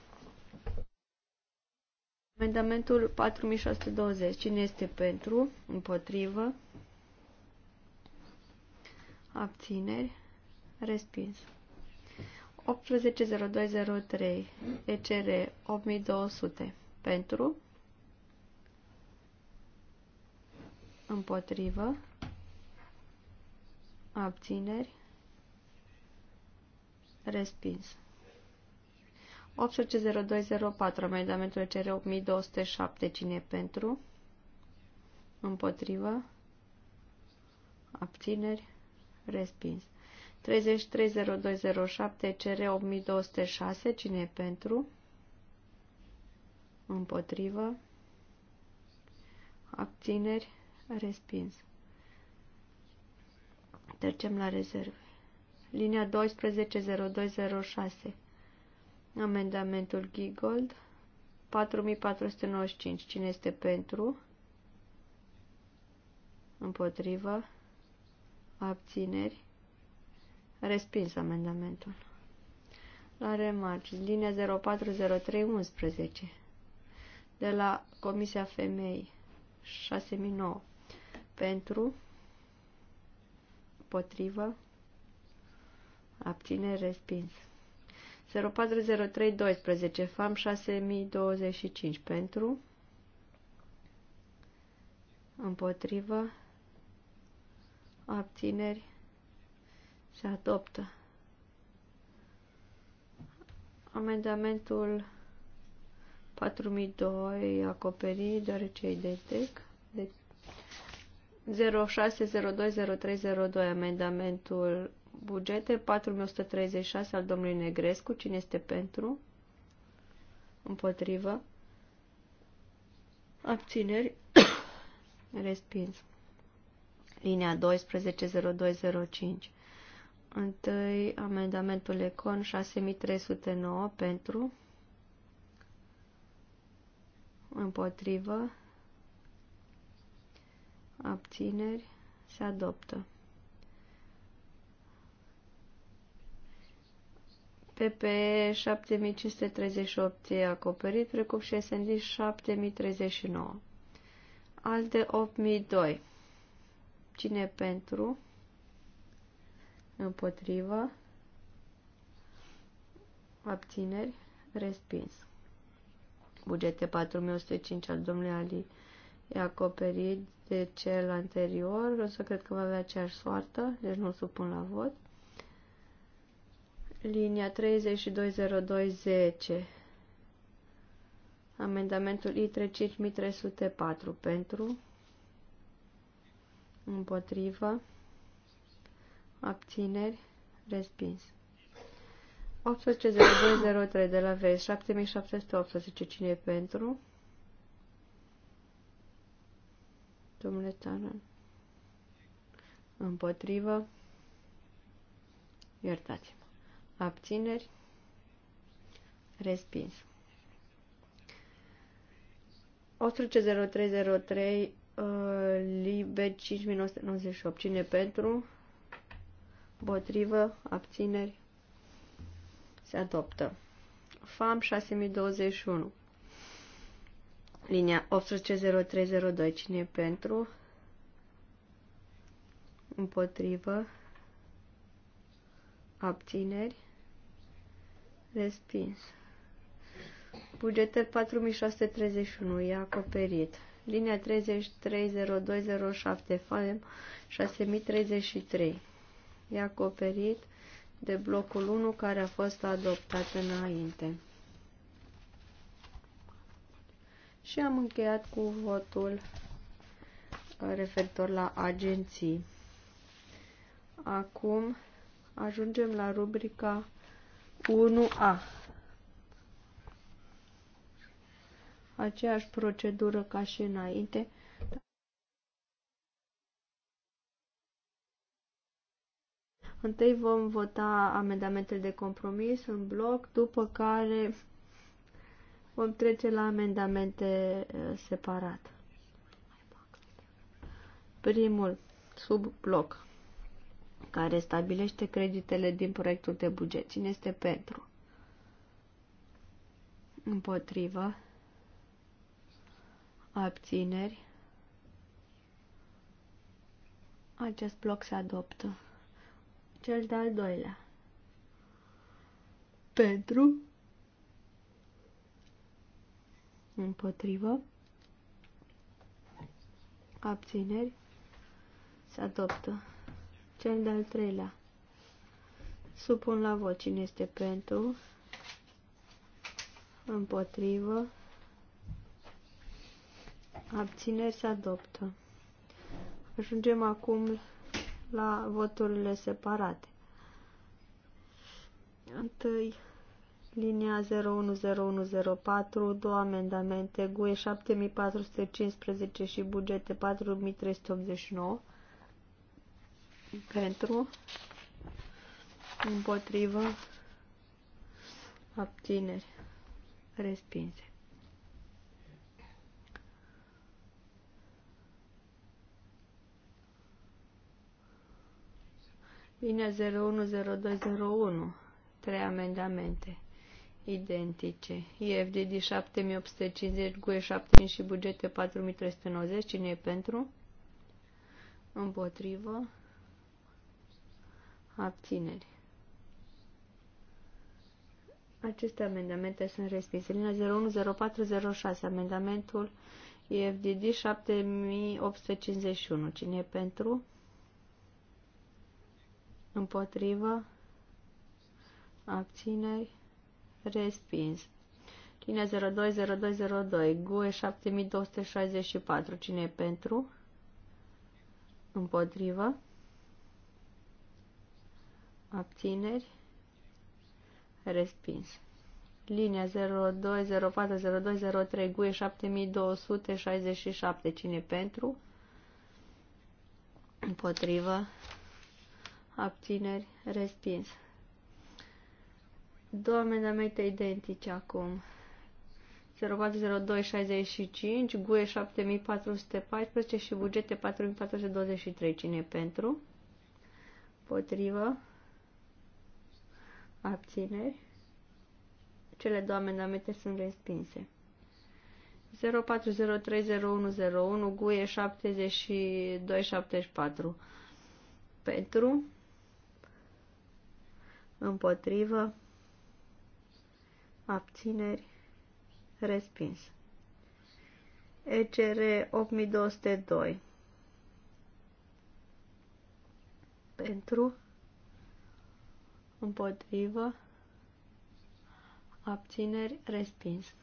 Amendamentul 4620. Cine este pentru? Împotrivă? Abțineri? Respins. 180203 ECR 8200 pentru împotrivă abțineri respins 180204 amendamentul ECR 8207 cine pentru împotrivă abțineri respins 330207 CR 8206, cine e pentru? Împotrivă. Abțineri, respins. Trecem la rezerve. Linia 120206. Amendamentul Gigold 4495. Cine este pentru? Împotrivă. Abțineri Respins amendamentul. La remarci, linia 040311 de la Comisia Femei 6009 pentru potrivă abține respins. 040312 FAM 6025 pentru împotrivă abțineri se adoptă. Amendamentul 4002 acoperi, deoarece e identec. Deci 06020302 amendamentul bugete 4136 al domnului Negrescu. Cine este pentru? Împotrivă. Abțineri. Respins. Linia 120205. Întâi, amendamentul Econ 6309 pentru, împotrivă, abțineri, se adoptă. PPE 7538 e acoperit, precum și SND 7039. Alte 8002. Cine pentru? împotrivă, abțineri, respins. Bugete 4105 al domnului Ali e acoperit de cel anterior, însă cred că va avea aceeași soartă, deci nu supun la vot. Linia 320210 Amendamentul I35304 pentru împotrivă abțineri, respins. 18.02.03 de la vest, 7718, cine e pentru? Domnule Tana. Împotrivă. Iertați-mă. Abțineri. Respins. 18.03.03 uh, libe, 5998. Cine pentru? împotrivă, abțineri, se adoptă. FAM 6021. Linia 180302. Cine e pentru? Împotrivă. Abțineri. Respins. Bugete 4631. E acoperit. Linia 330207. FAM 6033 e acoperit de blocul 1 care a fost adoptat înainte. Și am încheiat cu votul uh, referitor la agenții. Acum ajungem la rubrica 1A. Aceeași procedură ca și înainte. Întâi vom vota amendamentele de compromis în bloc, după care vom trece la amendamente uh, separat. Primul, sub bloc, care stabilește creditele din proiectul de buget. Cine este pentru? Împotrivă. Abțineri. Acest bloc se adoptă. Cel de-al doilea. Pentru. Împotrivă. Abțineri. Se adoptă. Cel de-al treilea. Supun la vot cine este pentru. Împotrivă. Abțineri se adoptă. Ajungem acum la voturile separate. Întâi, linia 010104, două amendamente, GUE 7415 și bugete 4389. Pentru, împotrivă, abțineri, respinse. Linia 010201. Trei amendamente identice. IFDD 7850, GUE 75 și bugete 4390. Cine e pentru? Împotrivă. Abțineri. Aceste amendamente sunt respinse. Linia 010406, amendamentul IFDD 7851. Cine e pentru? împotrivă, abțineri, respins. Linia 020202, GUE 7264, cine e pentru? Împotrivă. Abțineri. Respins. Linia 02040203, GUE 7267, cine e pentru? Împotrivă abțineri, respins. Două amendamente identice acum. 040265, GUE 7414 și bugete 4423. Cine e pentru? Potrivă? Abțineri? Cele două amendamente sunt respinse. 04030101 GUE 7274 pentru împotrivă, abțineri, respins. ECR 8202 pentru, împotrivă, abțineri, respins. 04030105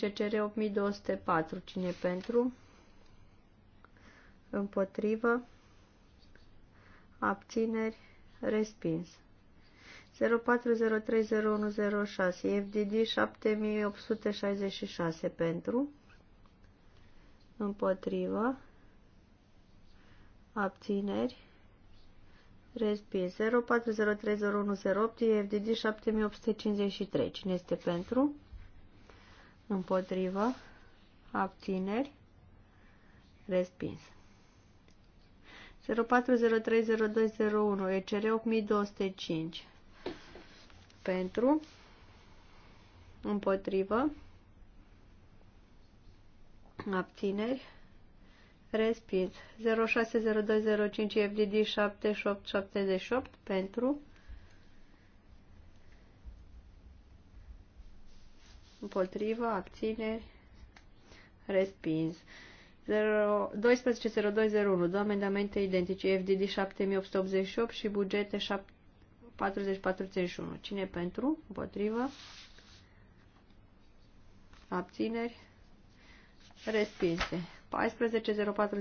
ECR 8204 cine pentru, împotrivă, abțineri, respins. 04030106 FDD 7866 pentru împotrivă abțineri respins 04030108 FDD 7853 cine este pentru împotrivă abțineri respins 04030201 ECR 8205 pentru împotrivă abțineri respins 060205 FDD 7878 pentru împotrivă abțineri respins 12.02.01, două amendamente identice, FDD 7888 și bugete 4041. Cine pentru? Împotrivă? Abțineri? Respinse.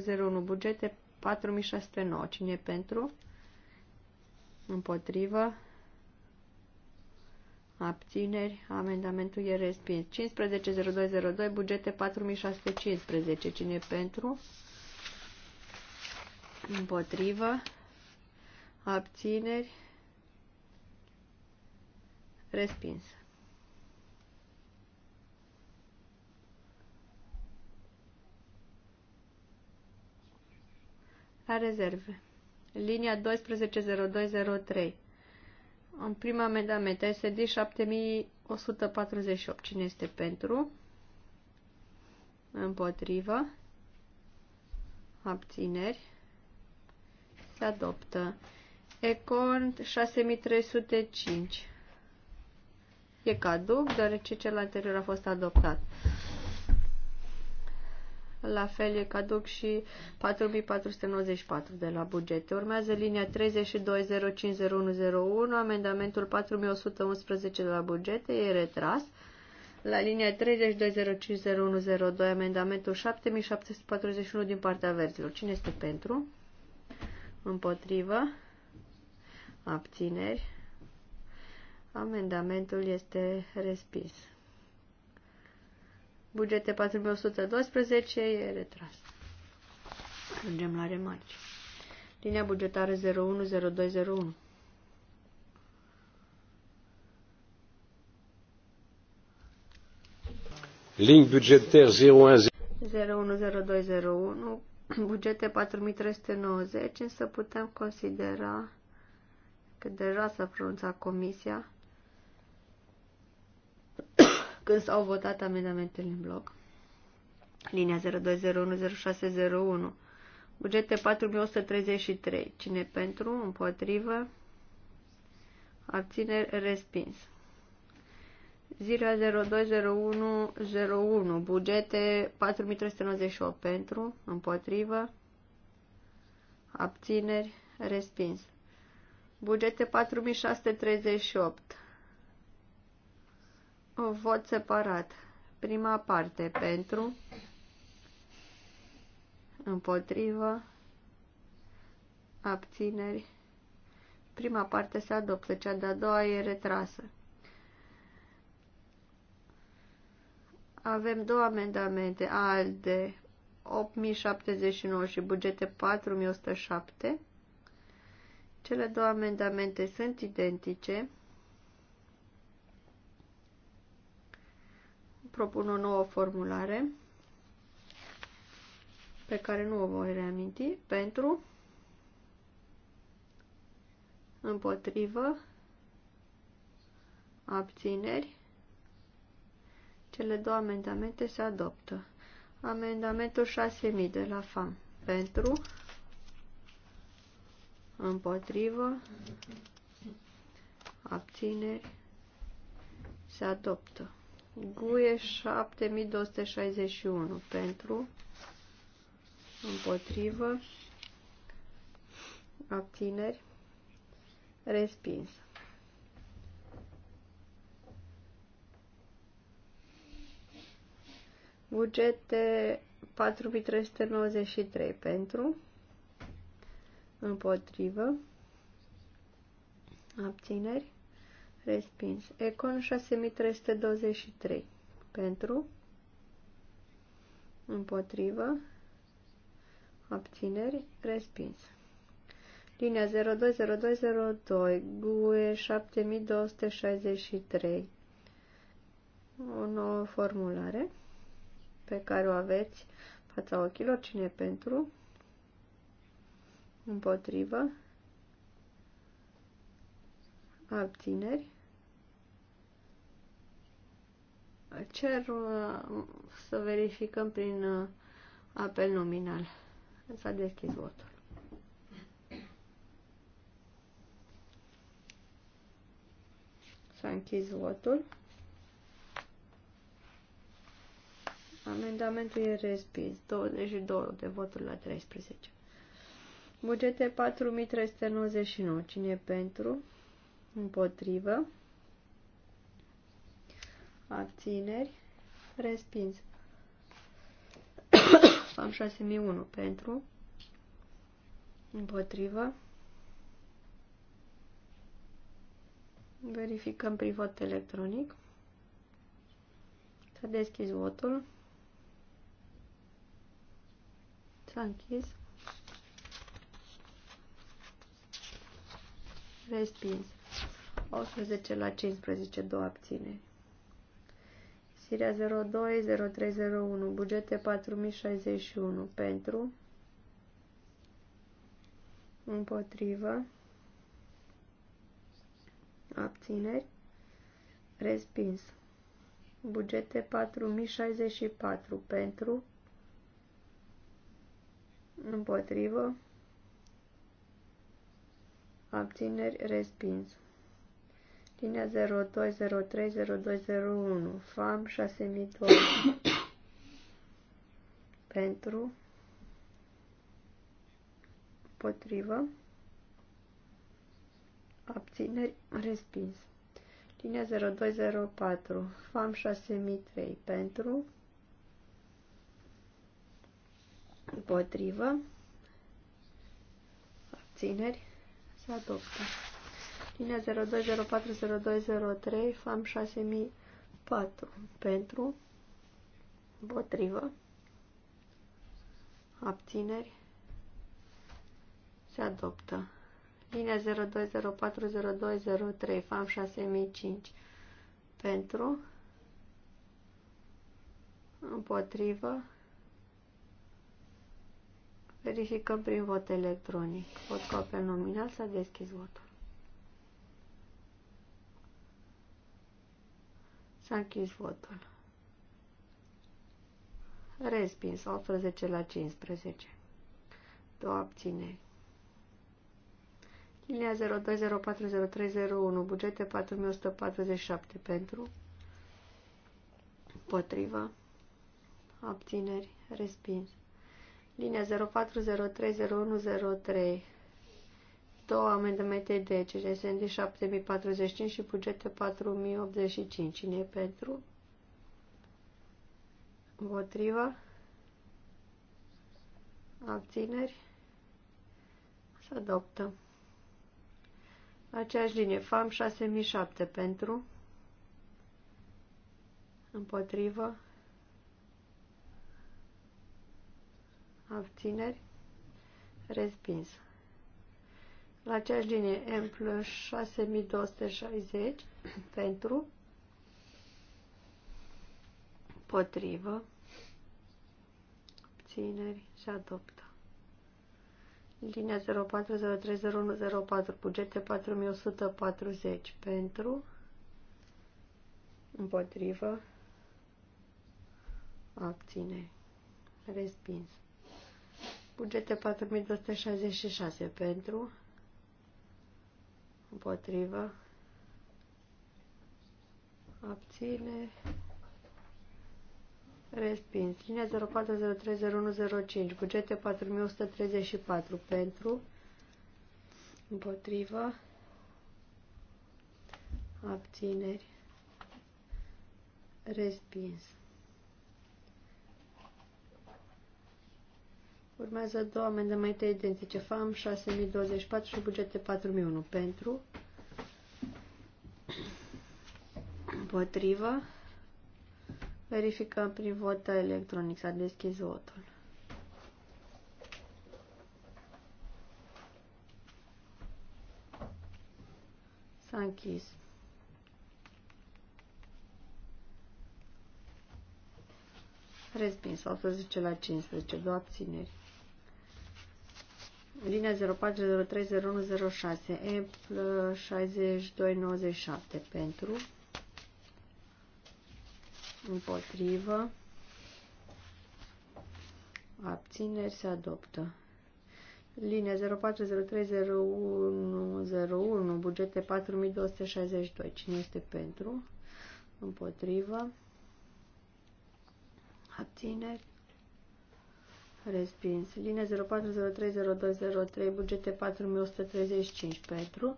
14.04.01, bugete 4609. Cine pentru? Împotrivă? Abțineri. Amendamentul e respins. 150202, bugete 4615. Cine pentru? Împotrivă. Abțineri. Respins. La rezerve. Linia 120203. În primul este de 7148. Cine este pentru? Împotrivă. Abțineri. Se adoptă. Econ 6305. E caduc, deoarece cel anterior a fost adoptat la fel e caduc și 4494 de la bugete. Urmează linia 32050101, amendamentul 4111 de la bugete, e retras. La linia 32050102, amendamentul 7741 din partea verzilor. Cine este pentru? Împotrivă? Abțineri? Amendamentul este respins. Bugete 4112 e retras. Ajungem la remarci. Linia bugetară 010201. Ligne bugetară 010201, bugete 4390, însă putem considera că deja s-a pronunțat comisia când s-au votat amendamentele în bloc. Linia 02010601. Bugete 4133. Cine pentru? Împotrivă? Abțineri? Respins. Zirea 020101. Bugete 4398. Pentru? Împotrivă? Abțineri? Respins. Bugete 4638. O vot separat. Prima parte pentru, împotrivă, abțineri. Prima parte se adoptă, cea de-a doua e retrasă. Avem două amendamente, al de 8079 și bugete 4107. Cele două amendamente sunt identice. propun o nouă formulare pe care nu o voi reaminti, pentru, împotrivă, abțineri, cele două amendamente se adoptă. Amendamentul 6000 de la FAM, pentru, împotrivă, abțineri, se adoptă. GUE 7261 pentru, împotrivă, abțineri, respins. Bugete 4393 pentru, împotrivă, abțineri, Respins. Econ 6323. Pentru. Împotrivă. Abțineri. Respins. Linia 020202. GUE 7263. O nouă formulare pe care o aveți fața ochilor. Cine pentru? Împotrivă. Abțineri. cer uh, să verificăm prin uh, apel nominal. S-a deschis votul. S-a închis votul. Amendamentul e respins. 22 de voturi la 13. Bugete 4399. Cine e pentru? Împotrivă abțineri, respins. Am 6001 pentru, împotrivă. Verificăm prin vot electronic. S-a deschis votul. S-a închis. Respins. 18 la 15, două abțineri. Siria 020301, bugete 4061 pentru, împotrivă, abțineri, respins. Bugete 4064 pentru, împotrivă, abțineri, respins. Linia 0203-0201, FAM 6002. Pentru, potrivă, abțineri, respins. Linia 0204, FAM 6003. Pentru, împotrivă, abțineri, se adoptă. Linia 02040203, FAM 6004. Pentru, împotrivă, abțineri, se adoptă. Linia 02040203, FAM 6005. Pentru, împotrivă, verificăm prin vot electronic. Vot copil nominal s-a deschis votul. S-a închis votul. Respins, 18 la 15. Două abțineri. Linia 02040301, bugete 4147 pentru, potrivă, abțineri, respins. Linia 04030103, două amendamente identice, SND 7045 și bugete 4085. Cine e pentru? Împotriva? Abțineri? Se adoptă. Aceeași linie, FAM 6007 pentru? Împotrivă? Abțineri? respinsă la aceeași linie M plus 6260 pentru potrivă obțineri și adoptă. Linia 04030104 bugete 4140 pentru împotrivă abțineri respins. Bugete 4266 pentru împotriva. Abține. Respins. Linia 04030105. Bugete 4134. Pentru. Împotriva. Abțineri. Respins. Urmează două amendamente identice. FAM 6024 și bugete 4001 pentru. Împotrivă. Verificăm prin vot electronic. S-a deschis votul. S-a închis. Respins 18 la 15, două abțineri. Linia 04030106 E 6297 pentru împotrivă abțineri se adoptă. Linia 04030101 bugete 4262 cine este pentru împotrivă abțineri Respins. Linia 04030203, bugete 4135 pentru.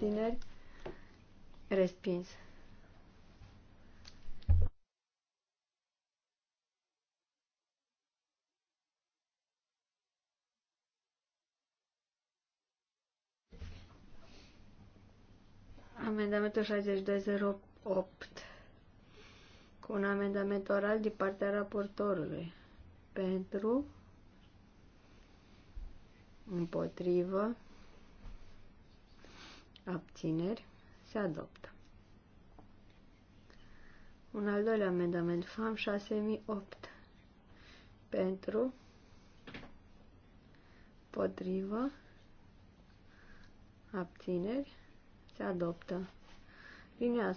Tineri. Respins. Amendamentul 6208 8 cu un amendament oral din partea raportorului pentru împotrivă abțineri se adoptă. Un al doilea amendament FAM 6008 pentru împotrivă abțineri se adoptă. Linia 06020101,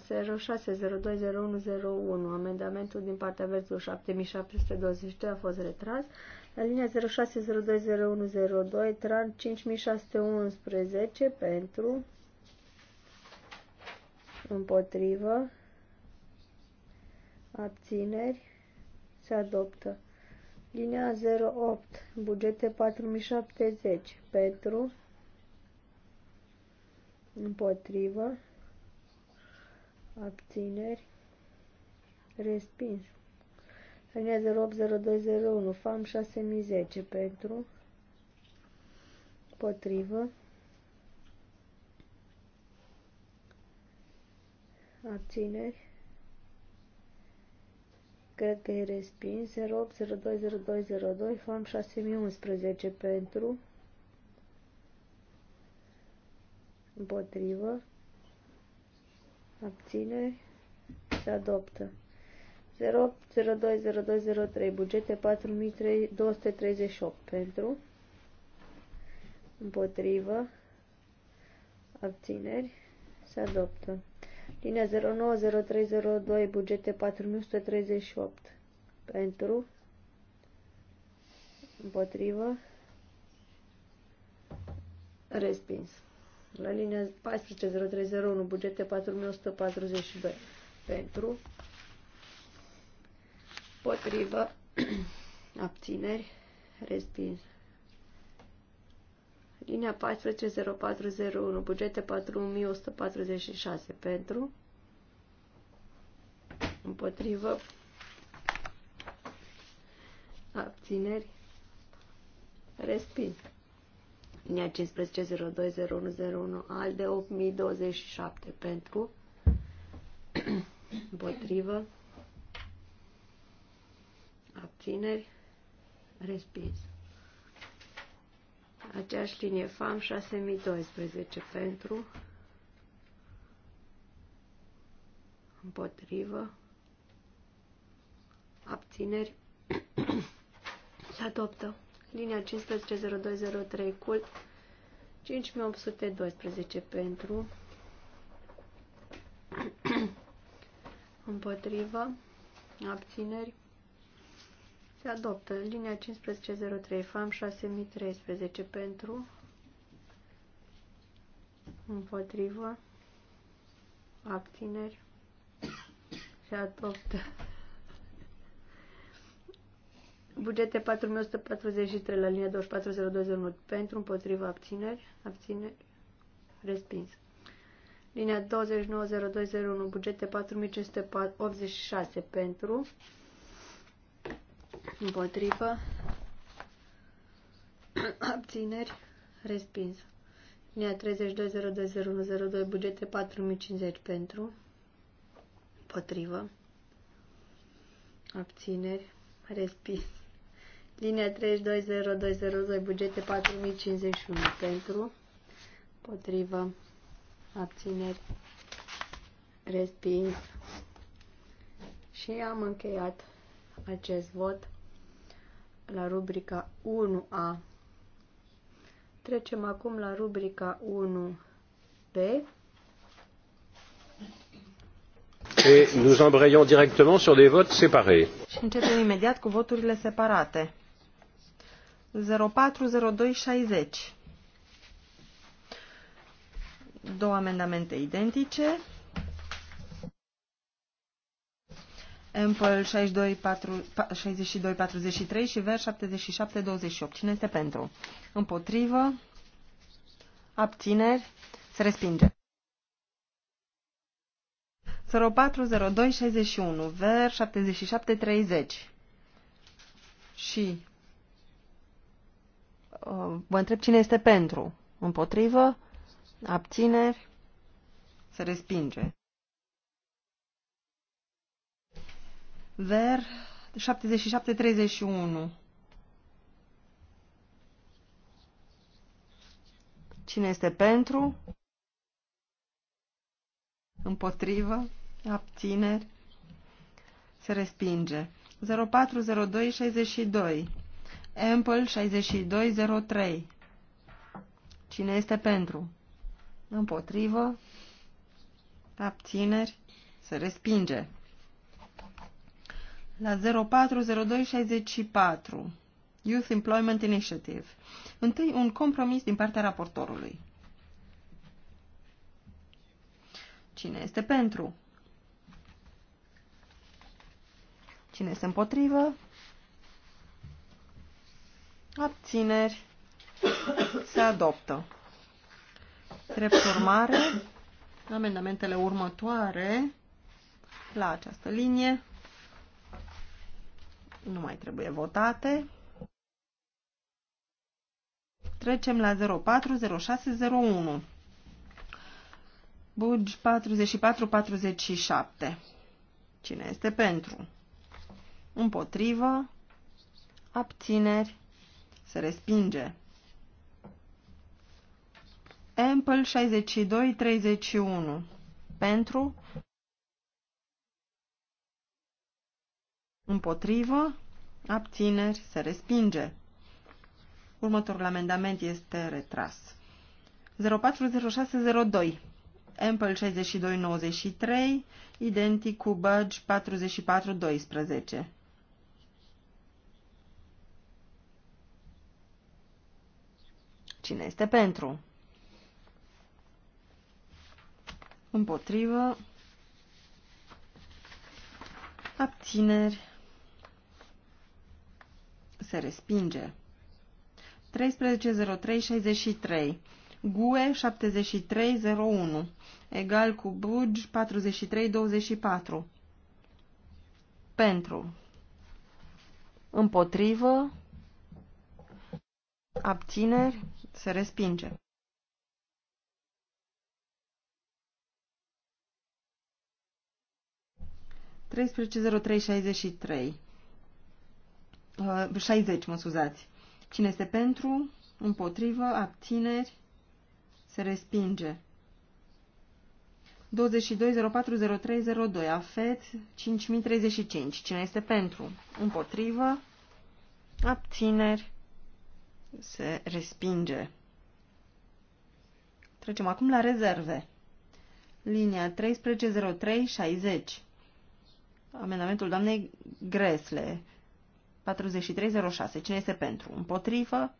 amendamentul din partea verzului 7722 a fost retras. La linia 06020102, tran 5611 pentru, împotrivă, abțineri, se adoptă. Linia 08, bugete 4070 pentru, împotrivă, abțineri, respins. Linia 080201, FAM 6010 pentru, potrivă, abțineri, cred că e respins, 08020202, FAM 6011 pentru, împotrivă, abține se adoptă. 0.02.02.03 bugete 4238 pentru împotrivă abțineri se adoptă linia 090302 bugete 4138 pentru împotrivă respins la linia 14.0301, bugete 4142. Pentru. Potrivă. Abțineri. Respins. Linia 140401, bugete 4146 pentru, împotrivă, abțineri, respins linia 15020101 al de 8027 pentru împotrivă abțineri respins aceeași linie FAM 6012 pentru împotrivă abțineri se adoptă linia 150203 cult 5812 pentru împotrivă abțineri se adoptă linia 1503 FAM 6013 pentru împotrivă abțineri se adoptă Bugete 4143 la linia 240201 pentru, împotriva, abțineri, abțineri, respins. Linia 290201, bugete 4586 pentru, împotriva, abțineri, respins. Linia 320201 bugete 4050 pentru, împotriva abțineri, respins. Linia 320202, bugete 4051 pentru, potrivă, abțineri, respins. Și am încheiat acest vot la rubrica 1A. Trecem acum la rubrica 1B. Et nous embrayons directement sur des votes séparés. Și începem imediat cu voturile separate. 040260. Două amendamente identice. Ample 6243 și Ver 7728. Cine este pentru? Împotrivă? Abțineri? Se respinge. 040261 Ver 7730 și Uh, vă întreb cine este pentru. Împotrivă? Abțineri? Se respinge. Ver 77-31. Cine este pentru? Împotrivă? Abțineri? Se respinge. 040262 Ample 6203. Cine este pentru? Împotrivă. Abțineri. Se respinge. La 040264. Youth Employment Initiative. Întâi un compromis din partea raportorului. Cine este pentru? Cine este împotrivă? Abțineri. Se adoptă. Drept urmare, amendamentele următoare la această linie nu mai trebuie votate. Trecem la 040601. Bugi 4447. Cine este pentru? Împotrivă. Abțineri. Se respinge. Ample 62-31. Pentru. Împotrivă. Abțineri. Se respinge. Următorul amendament este retras. 040602. Ample 6293, identic cu Budge 4412. Cine este pentru? Împotrivă. Abțineri. Se respinge. 13.03.63 GUE 7301 egal cu BUG 4324 pentru împotrivă Abțineri. Se respinge. Uh, 60, mă scuzați. Cine este pentru, împotrivă, abțineri, se respinge. 22.04.03.02 AFET 5035. Cine este pentru? Împotrivă? Abțineri? Se respinge. Trecem acum la rezerve. Linia 130360. Amendamentul doamnei Gresle. 4306. Cine este pentru? Împotrivă?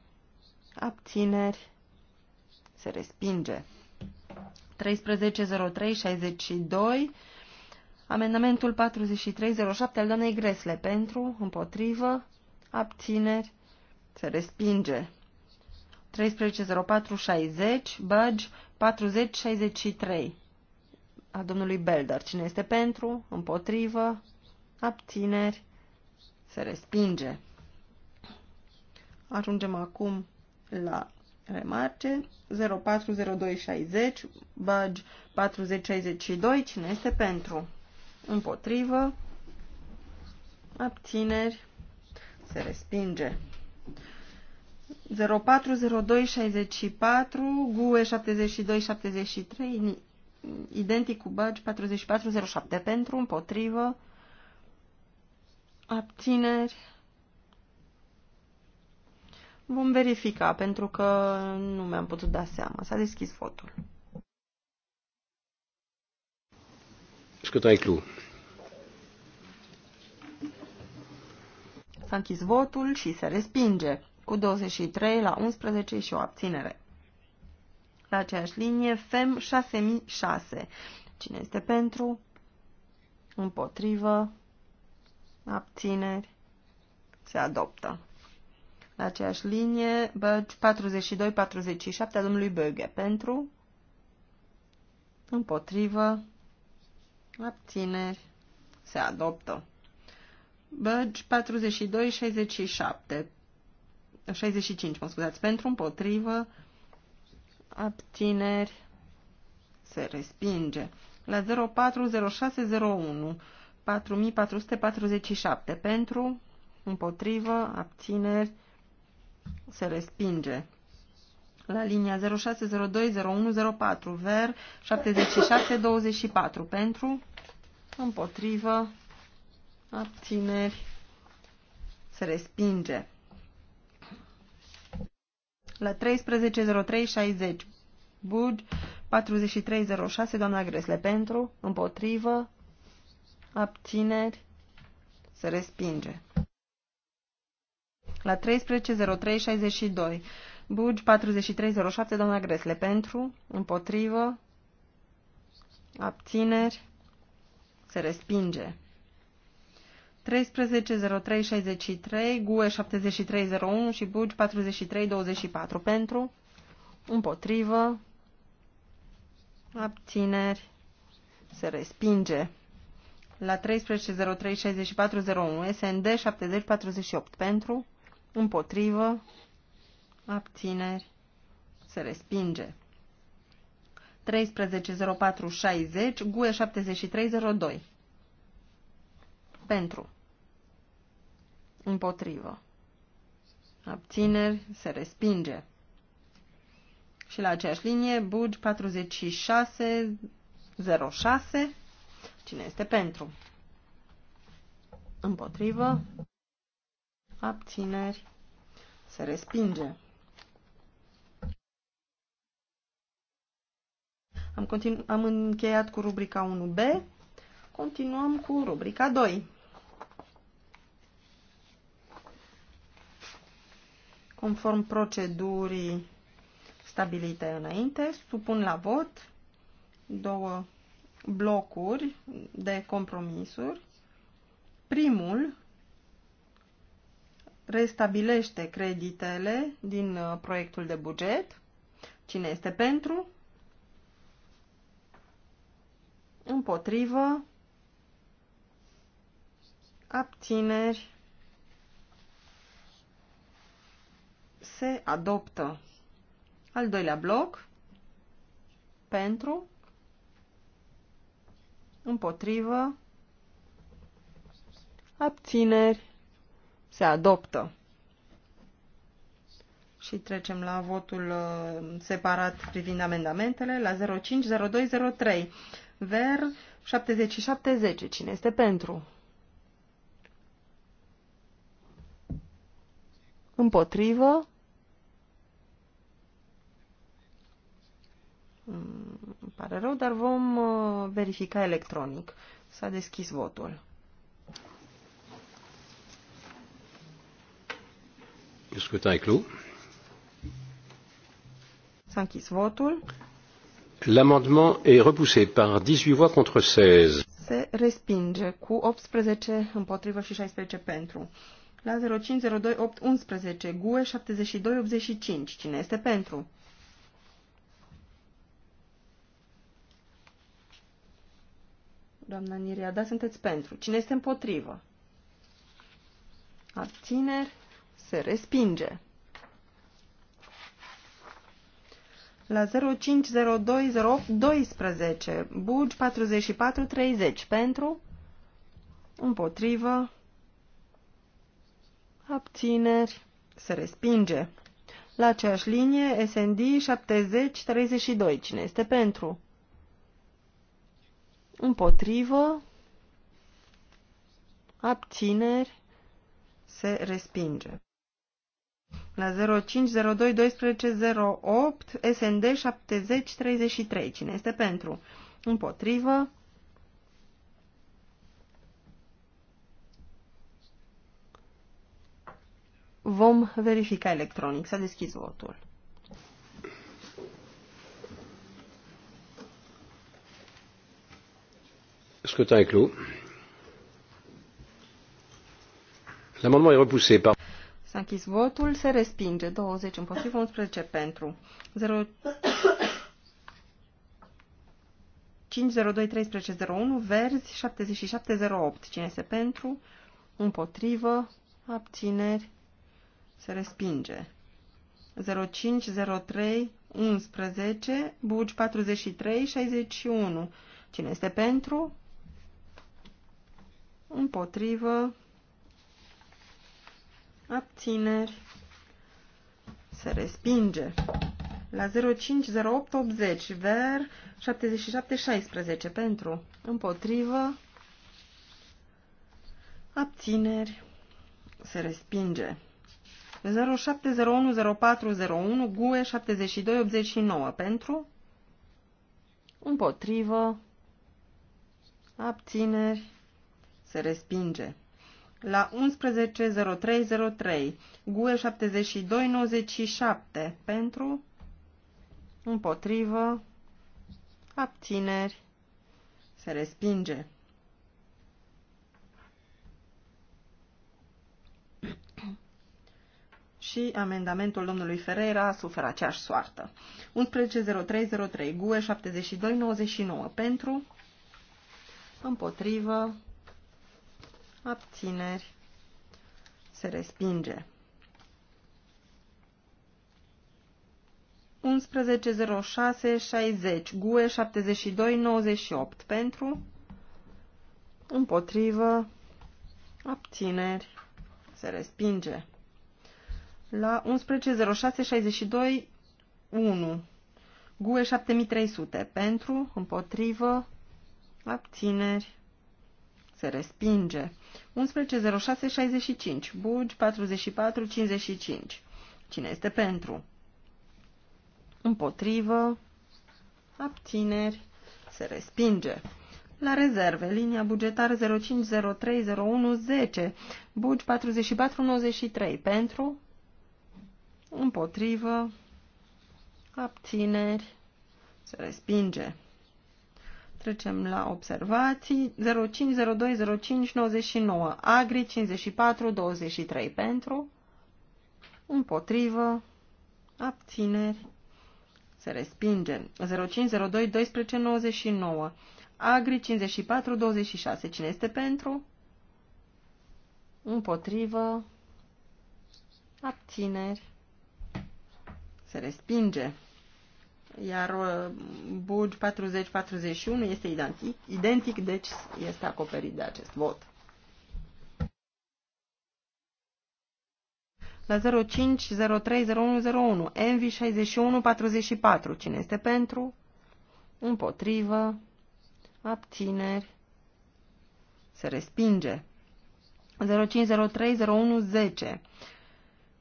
Abțineri? Se respinge. 130362. Amendamentul 4307 al doamnei Gresle. Pentru? Împotrivă? Abțineri? Se respinge. 13.04.60, băgi 40.63 a domnului Belder. Cine este pentru? Împotrivă? Abțineri? Se respinge. Ajungem acum la remarce. 040260, bagi 4062, cine este pentru? Împotrivă? Abțineri? Se respinge. 040264, GUE 7273, identic cu bagi 4407 pentru, împotrivă, abțineri. Vom verifica pentru că nu mi-am putut da seama. S-a deschis votul. Scrutin clu. S-a închis votul și se respinge cu 23 la 11 și o abținere. La aceeași linie, FEM 6006. Cine este pentru? Împotrivă? Abțineri? Se adoptă. La aceeași linie, băgi 42-47 a domnului Băghe. Pentru? Împotrivă? Abțineri? Se adoptă. Băgi 42, 67. 65, mă scuzați, pentru, împotrivă, abțineri, se respinge. La 040601, 4447, pentru, împotrivă, abțineri, se respinge. La linia 06020104, ver 7624, pentru, împotrivă, abțineri, se respinge. La 13.03.60, Bud 43.06, doamna Gresle, pentru, împotrivă, abțineri, se respinge. La 13.03.62, Bud 43.07, doamna Gresle, pentru, împotrivă, abțineri, se respinge. 130363, GUE 7301 și BUGE 4324 pentru, împotrivă, abțineri, se respinge. La 13036401 SND 7048 pentru, împotrivă, abțineri, se respinge. 130460, GUE 7302 pentru Împotrivă. Abțineri se respinge. Și la aceeași linie, bugi 4606. Cine este pentru? Împotrivă. Abțineri se respinge. Am, continu- am încheiat cu rubrica 1B. Continuăm cu rubrica 2. conform procedurii stabilite înainte. Supun la vot două blocuri de compromisuri. Primul restabilește creditele din uh, proiectul de buget. Cine este pentru? Împotrivă? Abțineri? se adoptă. Al doilea bloc, pentru, împotrivă, abțineri, se adoptă. Și trecem la votul uh, separat privind amendamentele, la 050203. Ver 7710. Cine este pentru? Împotrivă? Mm, îmi pare rău, dar vom uh, verifica electronic. S-a deschis votul. scrutin est S-a închis votul. L'amendement est repoussé par 18 voix contre 16. Se respinge cu 18 împotrivă și 16 pentru. La 0502 GUE 7285. Cine este pentru? Doamna da, sunteți pentru. Cine este împotrivă? Abțineri. Se respinge. La 05020812, bugi 4430, pentru, împotrivă, abțineri, se respinge. La aceeași linie, SND 7032, cine este pentru? împotrivă, abțineri, se respinge. La 0502 12 08 SND 70 33. Cine este pentru? Împotrivă. Vom verifica electronic. S-a deschis votul. Scrutin est clos. L'amendement est repoussé par... S-a închis votul, se respinge. 20 împotrivă, 11 pentru. 0... 502-1301, verzi, 7708. Cine este pentru? Împotrivă, abțineri, se respinge. 0503 11, bugi 43, 61. Cine este pentru? împotrivă, abțineri, se respinge. La 050880, ver 7716, pentru, împotrivă, abțineri, se respinge. 07010401, GUE 7289, pentru, împotrivă, abțineri, se respinge. La 11.03.03, GUE 72.97, pentru, împotrivă, abțineri, se respinge. și amendamentul domnului Ferreira suferă aceeași soartă. 11.03.03, GUE 72.99 pentru, împotrivă, abțineri, se respinge. 11.06.60, GUE 72.98 pentru, împotrivă, abțineri, se respinge. La 11.06.62, 1, GUE 7300 pentru, împotrivă, abțineri, se respinge. 11.06.65. Bugi 44.55. Cine este pentru? Împotrivă. Abțineri. Se respinge. La rezerve, linia bugetară 05030110, bugi 4493, pentru, împotrivă, abțineri, se respinge. Trecem la observații. 05, 02, 05, 99. Agri 54, 23 pentru. Împotrivă. Abțineri. Se respinge. 05, 02, 12, 99. Agri 54, 26. Cine este pentru? Împotrivă. Abțineri. Se respinge iar uh, bugi 40-41 este identic, identic, deci este acoperit de acest vot. La 05, 03, 01, Envi 61, 44. Cine este pentru? Împotrivă. Abțineri. Se respinge. 05, 03, 01, 10.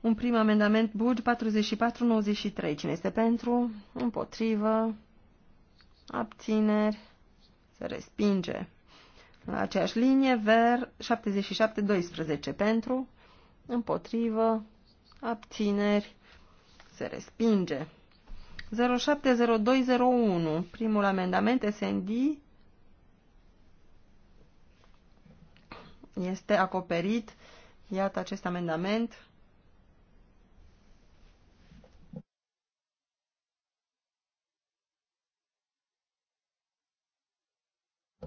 Un prim amendament, burg 4493. Cine este pentru? Împotrivă? Abțineri? Se respinge. La aceeași linie, ver 7712. Pentru? Împotrivă? Abțineri? Se respinge. 070201. Primul amendament, SND, este acoperit. Iată acest amendament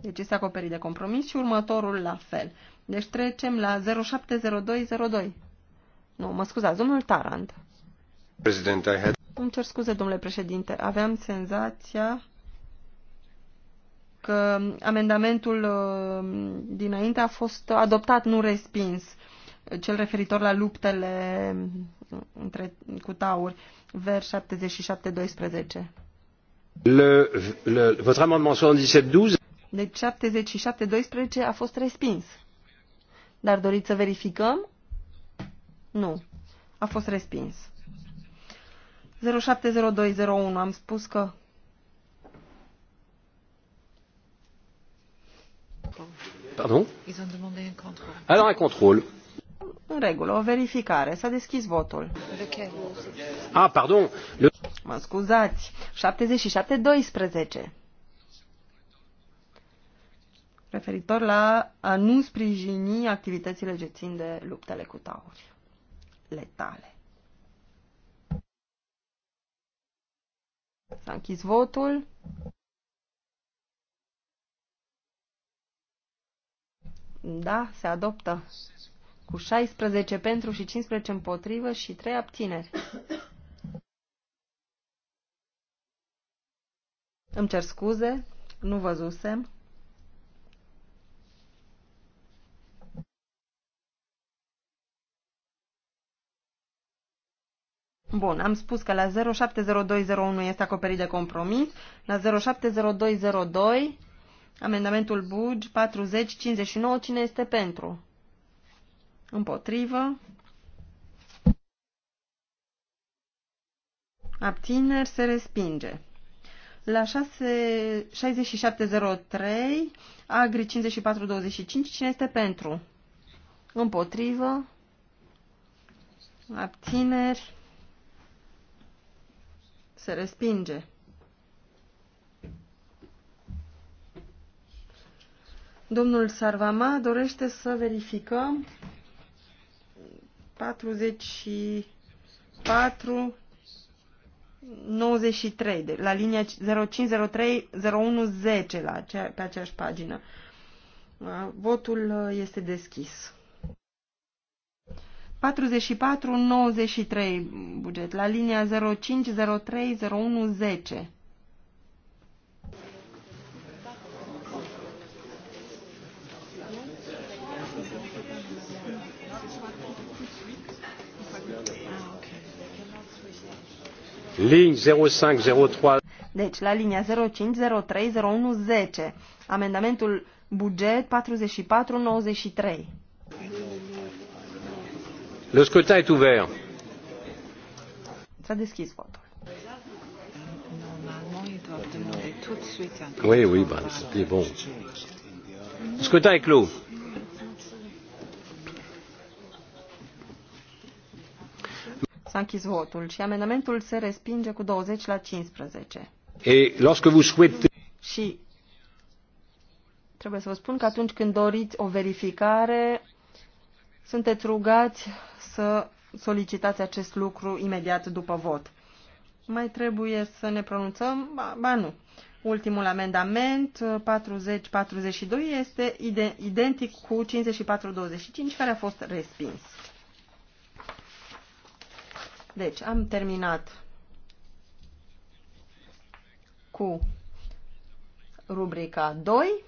Deci este acoperit de compromis și următorul la fel. Deci trecem la 070202. Nu, mă scuzați, domnul Tarant. President, I had... Îmi cer scuze, domnule președinte. Aveam senzația că amendamentul uh, dinainte a fost adoptat, nu respins, cel referitor la luptele uh, între, cu tauri, vers 77-12. Le, le, votre amendement 77-12 deci 7712 a fost respins. Dar doriți să verificăm? Nu. A fost respins. 070201 am spus că Pardon Ils ont demandé un contrôle. Alors un contrôle. În regulă, o verificare. S-a deschis votul. ah, pardon. Le... Mă scuzați. 7712 referitor la a nu sprijini activitățile ce țin de luptele cu tauri letale. S-a închis votul. Da, se adoptă. Cu 16 pentru și 15 împotrivă și 3 abțineri. Îmi cer scuze, nu văzusem. Bun, am spus că la 070201 este acoperit de compromis, la 070202 amendamentul Bugi 4059 cine este pentru? Împotrivă. Abțineri se respinge. La 6703 Agri 5425 cine este pentru? Împotrivă. Abțineri se respinge. Domnul Sarvama dorește să verificăm 44 93, de, la linia 0503 0110 la acea, pe aceeași pagină. Votul este deschis. 44,93 buget, la linia 05030110. Ligne 0503. Deci, la linia 05030110, amendamentul buget 4493. Le scrutin est ouvert. S-a deschis Oui, oui, ben, c'était bon. Le scrutin est clos. S-a închis votul și amendamentul se respinge cu 20 la 15. Et lorsque vous souhaitez... Și trebuie să vă spun că atunci când doriți o verificare, sunteți rugați să solicitați acest lucru imediat după vot. Mai trebuie să ne pronunțăm? Ba, ba nu. Ultimul amendament, 40-42, este identic cu 54-25, care a fost respins. Deci, am terminat cu rubrica 2.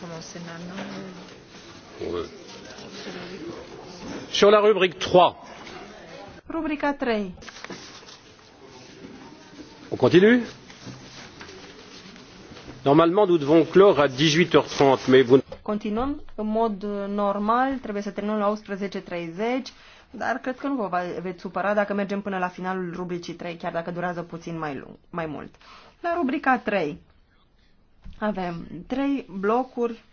commencer maintenant. Sur la rubrique 3. Rubrica 3. On continue Normalement, nous devons clore à 18h30, mais vous... Continuons. En mode uh, normal, trebuie să terminăm la 11.30, dar cred că nu vă veți supăra dacă mergem până la finalul rubricii 3, chiar dacă durează puțin mai, lung, mai mult. La rubrica 3, avem trei blocuri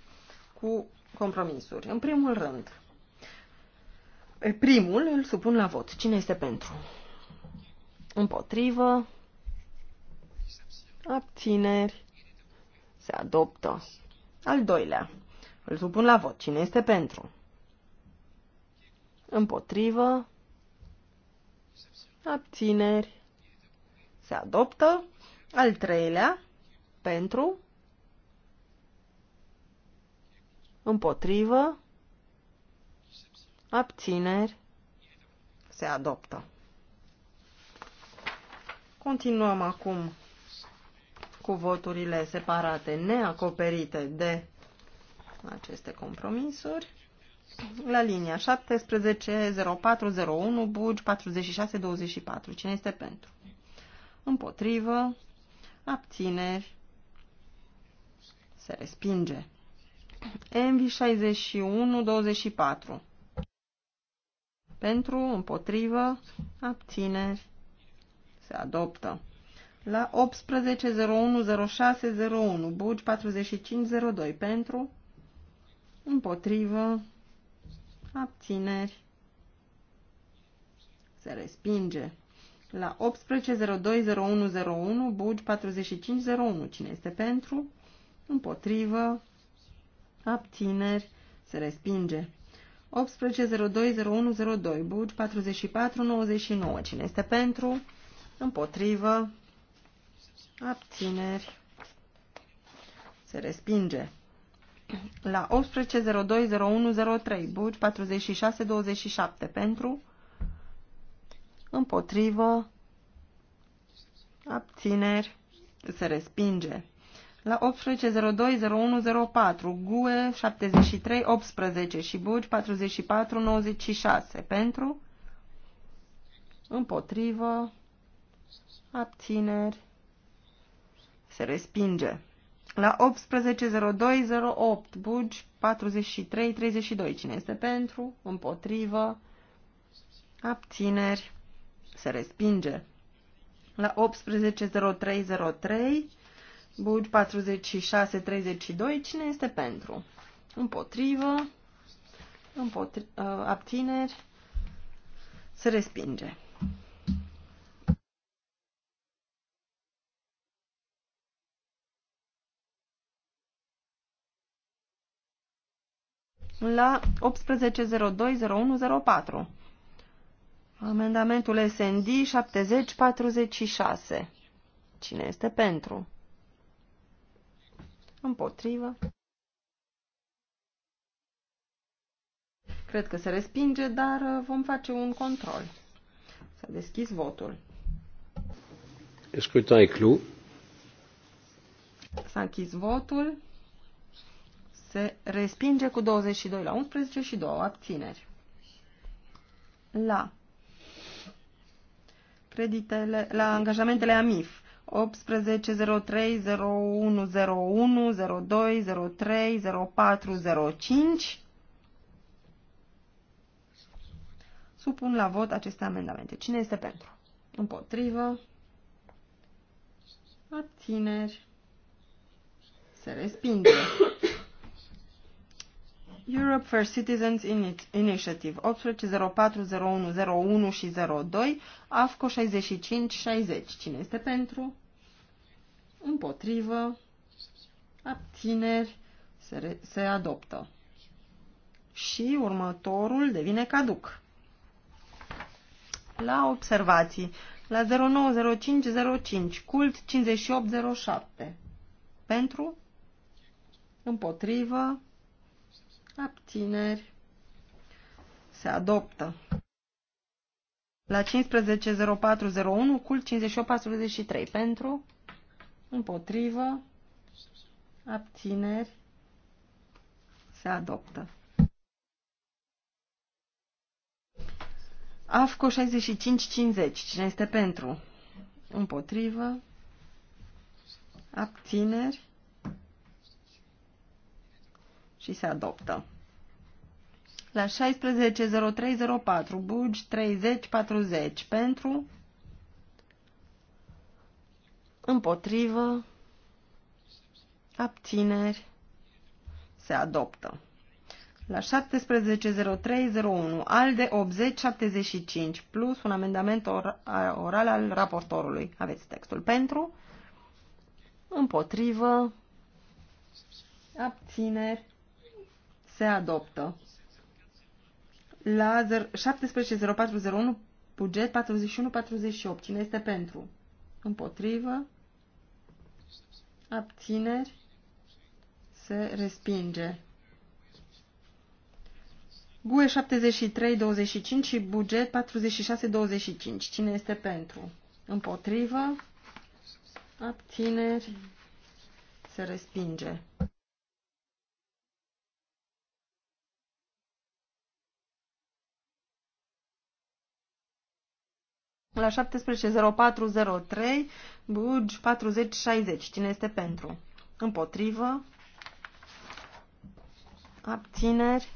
cu compromisuri. În primul rând, primul îl supun la vot. Cine este pentru? Împotrivă. Abțineri. Se adoptă. Al doilea. Îl supun la vot. Cine este pentru? Împotrivă. Abțineri. Se adoptă. Al treilea. Pentru. împotrivă, abțineri, se adoptă. Continuăm acum cu voturile separate neacoperite de aceste compromisuri. La linia 170401 bugi 4624. Cine este pentru? Împotrivă, abțineri, se respinge. Envi 61, 24. Pentru, împotrivă, abțineri, se adoptă. La 01, bugi 45.02, pentru, împotrivă, abțineri, se respinge. La 01, bugi 45.01, cine este pentru, împotrivă, abțineri, se respinge. 18.02.01.02, bugi 44.99, cine este pentru, împotrivă, abțineri, se respinge. La 18.02.01.03, bugi 46.27, pentru, împotrivă, abțineri, se respinge la 18.02.01.04, GUE 73.18 și Bugi 44.96 pentru, împotrivă, abțineri, se respinge. La 18.02.08, Bugi 43.32, cine este pentru, împotrivă, abțineri, se respinge. La 18.03.03, Bugi 46-32. Cine este pentru? Împotrivă. Împotri uh, abțineri. Se respinge. la 18.02.01.04. Amendamentul SND 7046. Cine este pentru? Împotrivă. Cred că se respinge, dar uh, vom face un control. S-a deschis votul. Scrutin e S-a închis votul. Se respinge cu 22 la 11 și 2 abțineri. La creditele, la angajamentele AMIF. 18.03.01.01.02.03.04.05 Supun la vot aceste amendamente. Cine este pentru? Împotrivă. Abțineri. Se respinge. Europe for Citizens Initiative 18040101 și 02, AFCO 6560. Cine este pentru? Împotrivă? Abțineri? Se, re, se adoptă. Și următorul devine caduc. La observații. La 090505, cult 5807. Pentru? Împotrivă? abțineri, se adoptă. La 15.04.01, cult 58.43 pentru, împotrivă, abțineri, se adoptă. AFCO 65.50, cine este pentru? Împotrivă, abțineri, și se adoptă. La 16.03.04, bugi 30.40 pentru, împotrivă, abțineri, se adoptă. La 17.03.01, al de 80.75 plus un amendament or oral al raportorului. Aveți textul pentru, împotrivă, abțineri, se adoptă. La 170401 buget 4148. Cine este pentru? Împotrivă? Abțineri? Se respinge. GUE 7325 și buget 4625. Cine este pentru? Împotrivă? Abțineri? Se respinge. La 170403, bugi 4060. Cine este pentru? Împotrivă. Abțineri.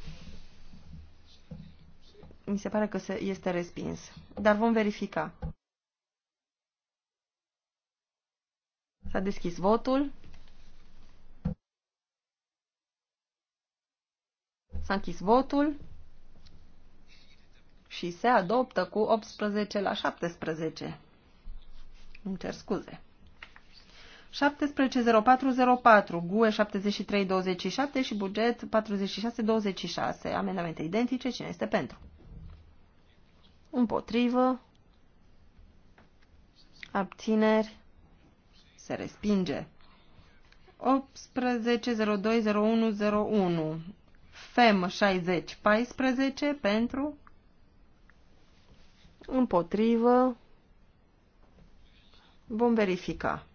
Mi se pare că este respins. Dar vom verifica. S-a deschis votul. S-a închis votul și se adoptă cu 18 la 17. Îmi cer scuze. 170404, GUE 7327 și buget 4626, amendamente identice, cine este pentru? Împotrivă, abțineri, se respinge. 18020101, FEM 6014 pentru, împotrivă, vom verifica.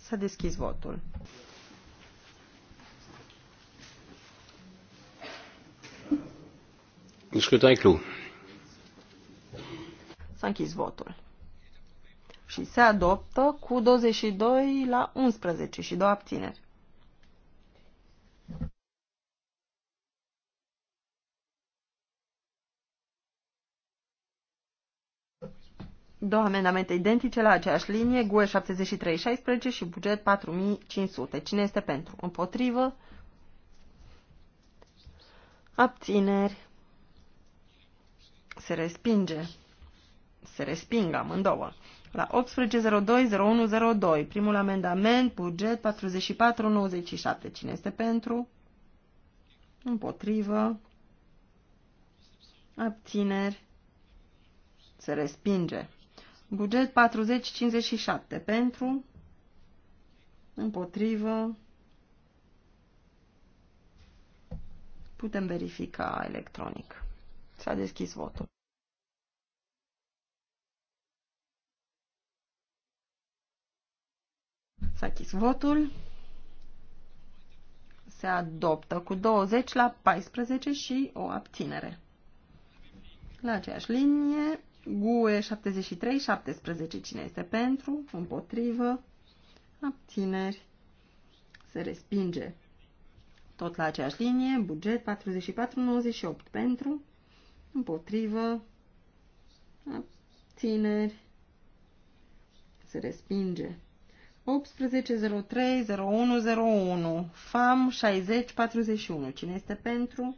S-a deschis votul. scrutin S-a închis votul. Și se adoptă cu 22 la 11 și două abțineri. două amendamente identice la aceeași linie, GUE 7316 și buget 4500. Cine este pentru? Împotrivă? Abțineri? Se respinge. Se resping amândouă. La 18.02.0102, primul amendament, buget 4497. Cine este pentru? Împotrivă? Abțineri? Se respinge. Buget 4057 pentru, împotrivă, putem verifica electronic. S-a deschis votul. S-a deschis votul. Se adoptă cu 20 la 14 și o abținere. La aceeași linie, GUE 73, 17. Cine este pentru? Împotrivă. Abțineri. Se respinge. Tot la aceeași linie, buget 98. pentru, împotrivă, abțineri, se respinge. 01. FAM 41. Cine este pentru?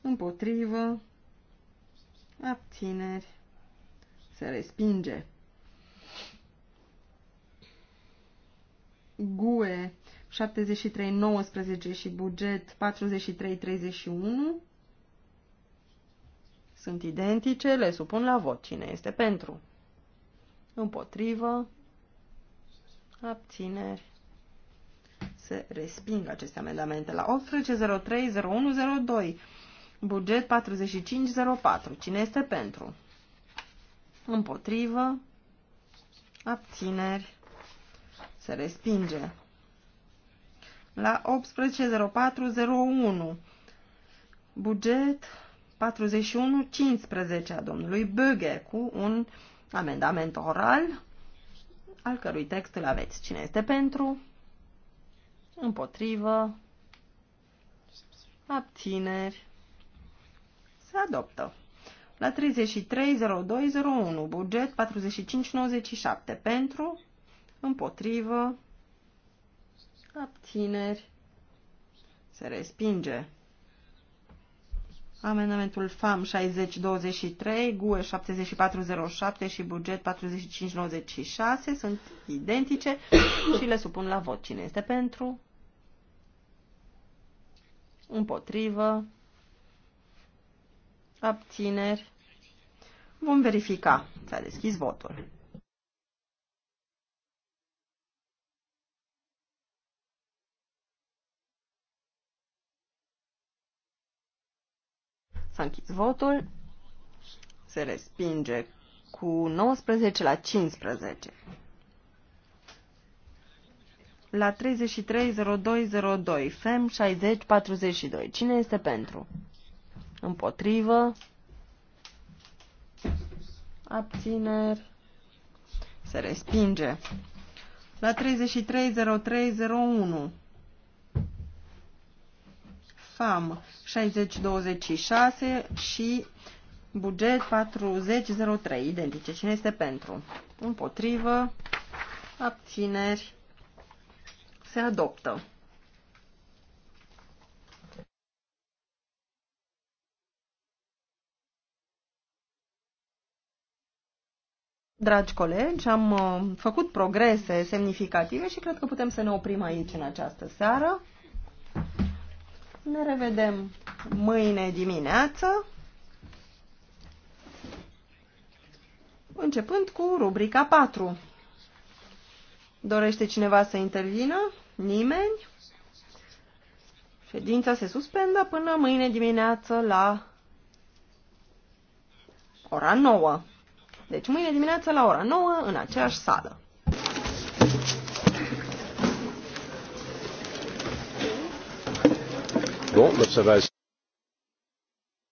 Împotrivă Abțineri se respinge. GUE 73-19 și buget 43-31 sunt identice, le supun la vot cine este pentru. Împotrivă, abțineri, se resping aceste amendamente. La 18.03.01.02, buget 45.04, cine este pentru? împotrivă, abțineri, se respinge. La 18.04.01, buget 41.15 a domnului Băghe cu un amendament oral, al cărui text îl aveți. Cine este pentru? Împotrivă? Abțineri? Se adoptă. La 330201, buget 4597 pentru, împotrivă, abțineri, se respinge. Amendamentul FAM 6023, GUE 7407 și buget 4596 sunt identice și le supun la vot. Cine este pentru? Împotrivă abțineri. Vom verifica. S-a deschis votul. S-a închis votul. Se respinge cu 19 la 15. La 33.02.02, FEM 60.42. Cine este pentru? împotrivă, abțineri, se respinge. La 330301 FAM 6026 și buget 4003 identice. Cine este pentru? Împotrivă, abțineri, se adoptă. Dragi colegi, am uh, făcut progrese semnificative și cred că putem să ne oprim aici în această seară. Ne revedem mâine dimineață, începând cu rubrica 4. Dorește cineva să intervină? Nimeni? Ședința se suspendă până mâine dimineață la ora 9. Deci mâine dimineață la ora 9 în aceeași sală. Bon,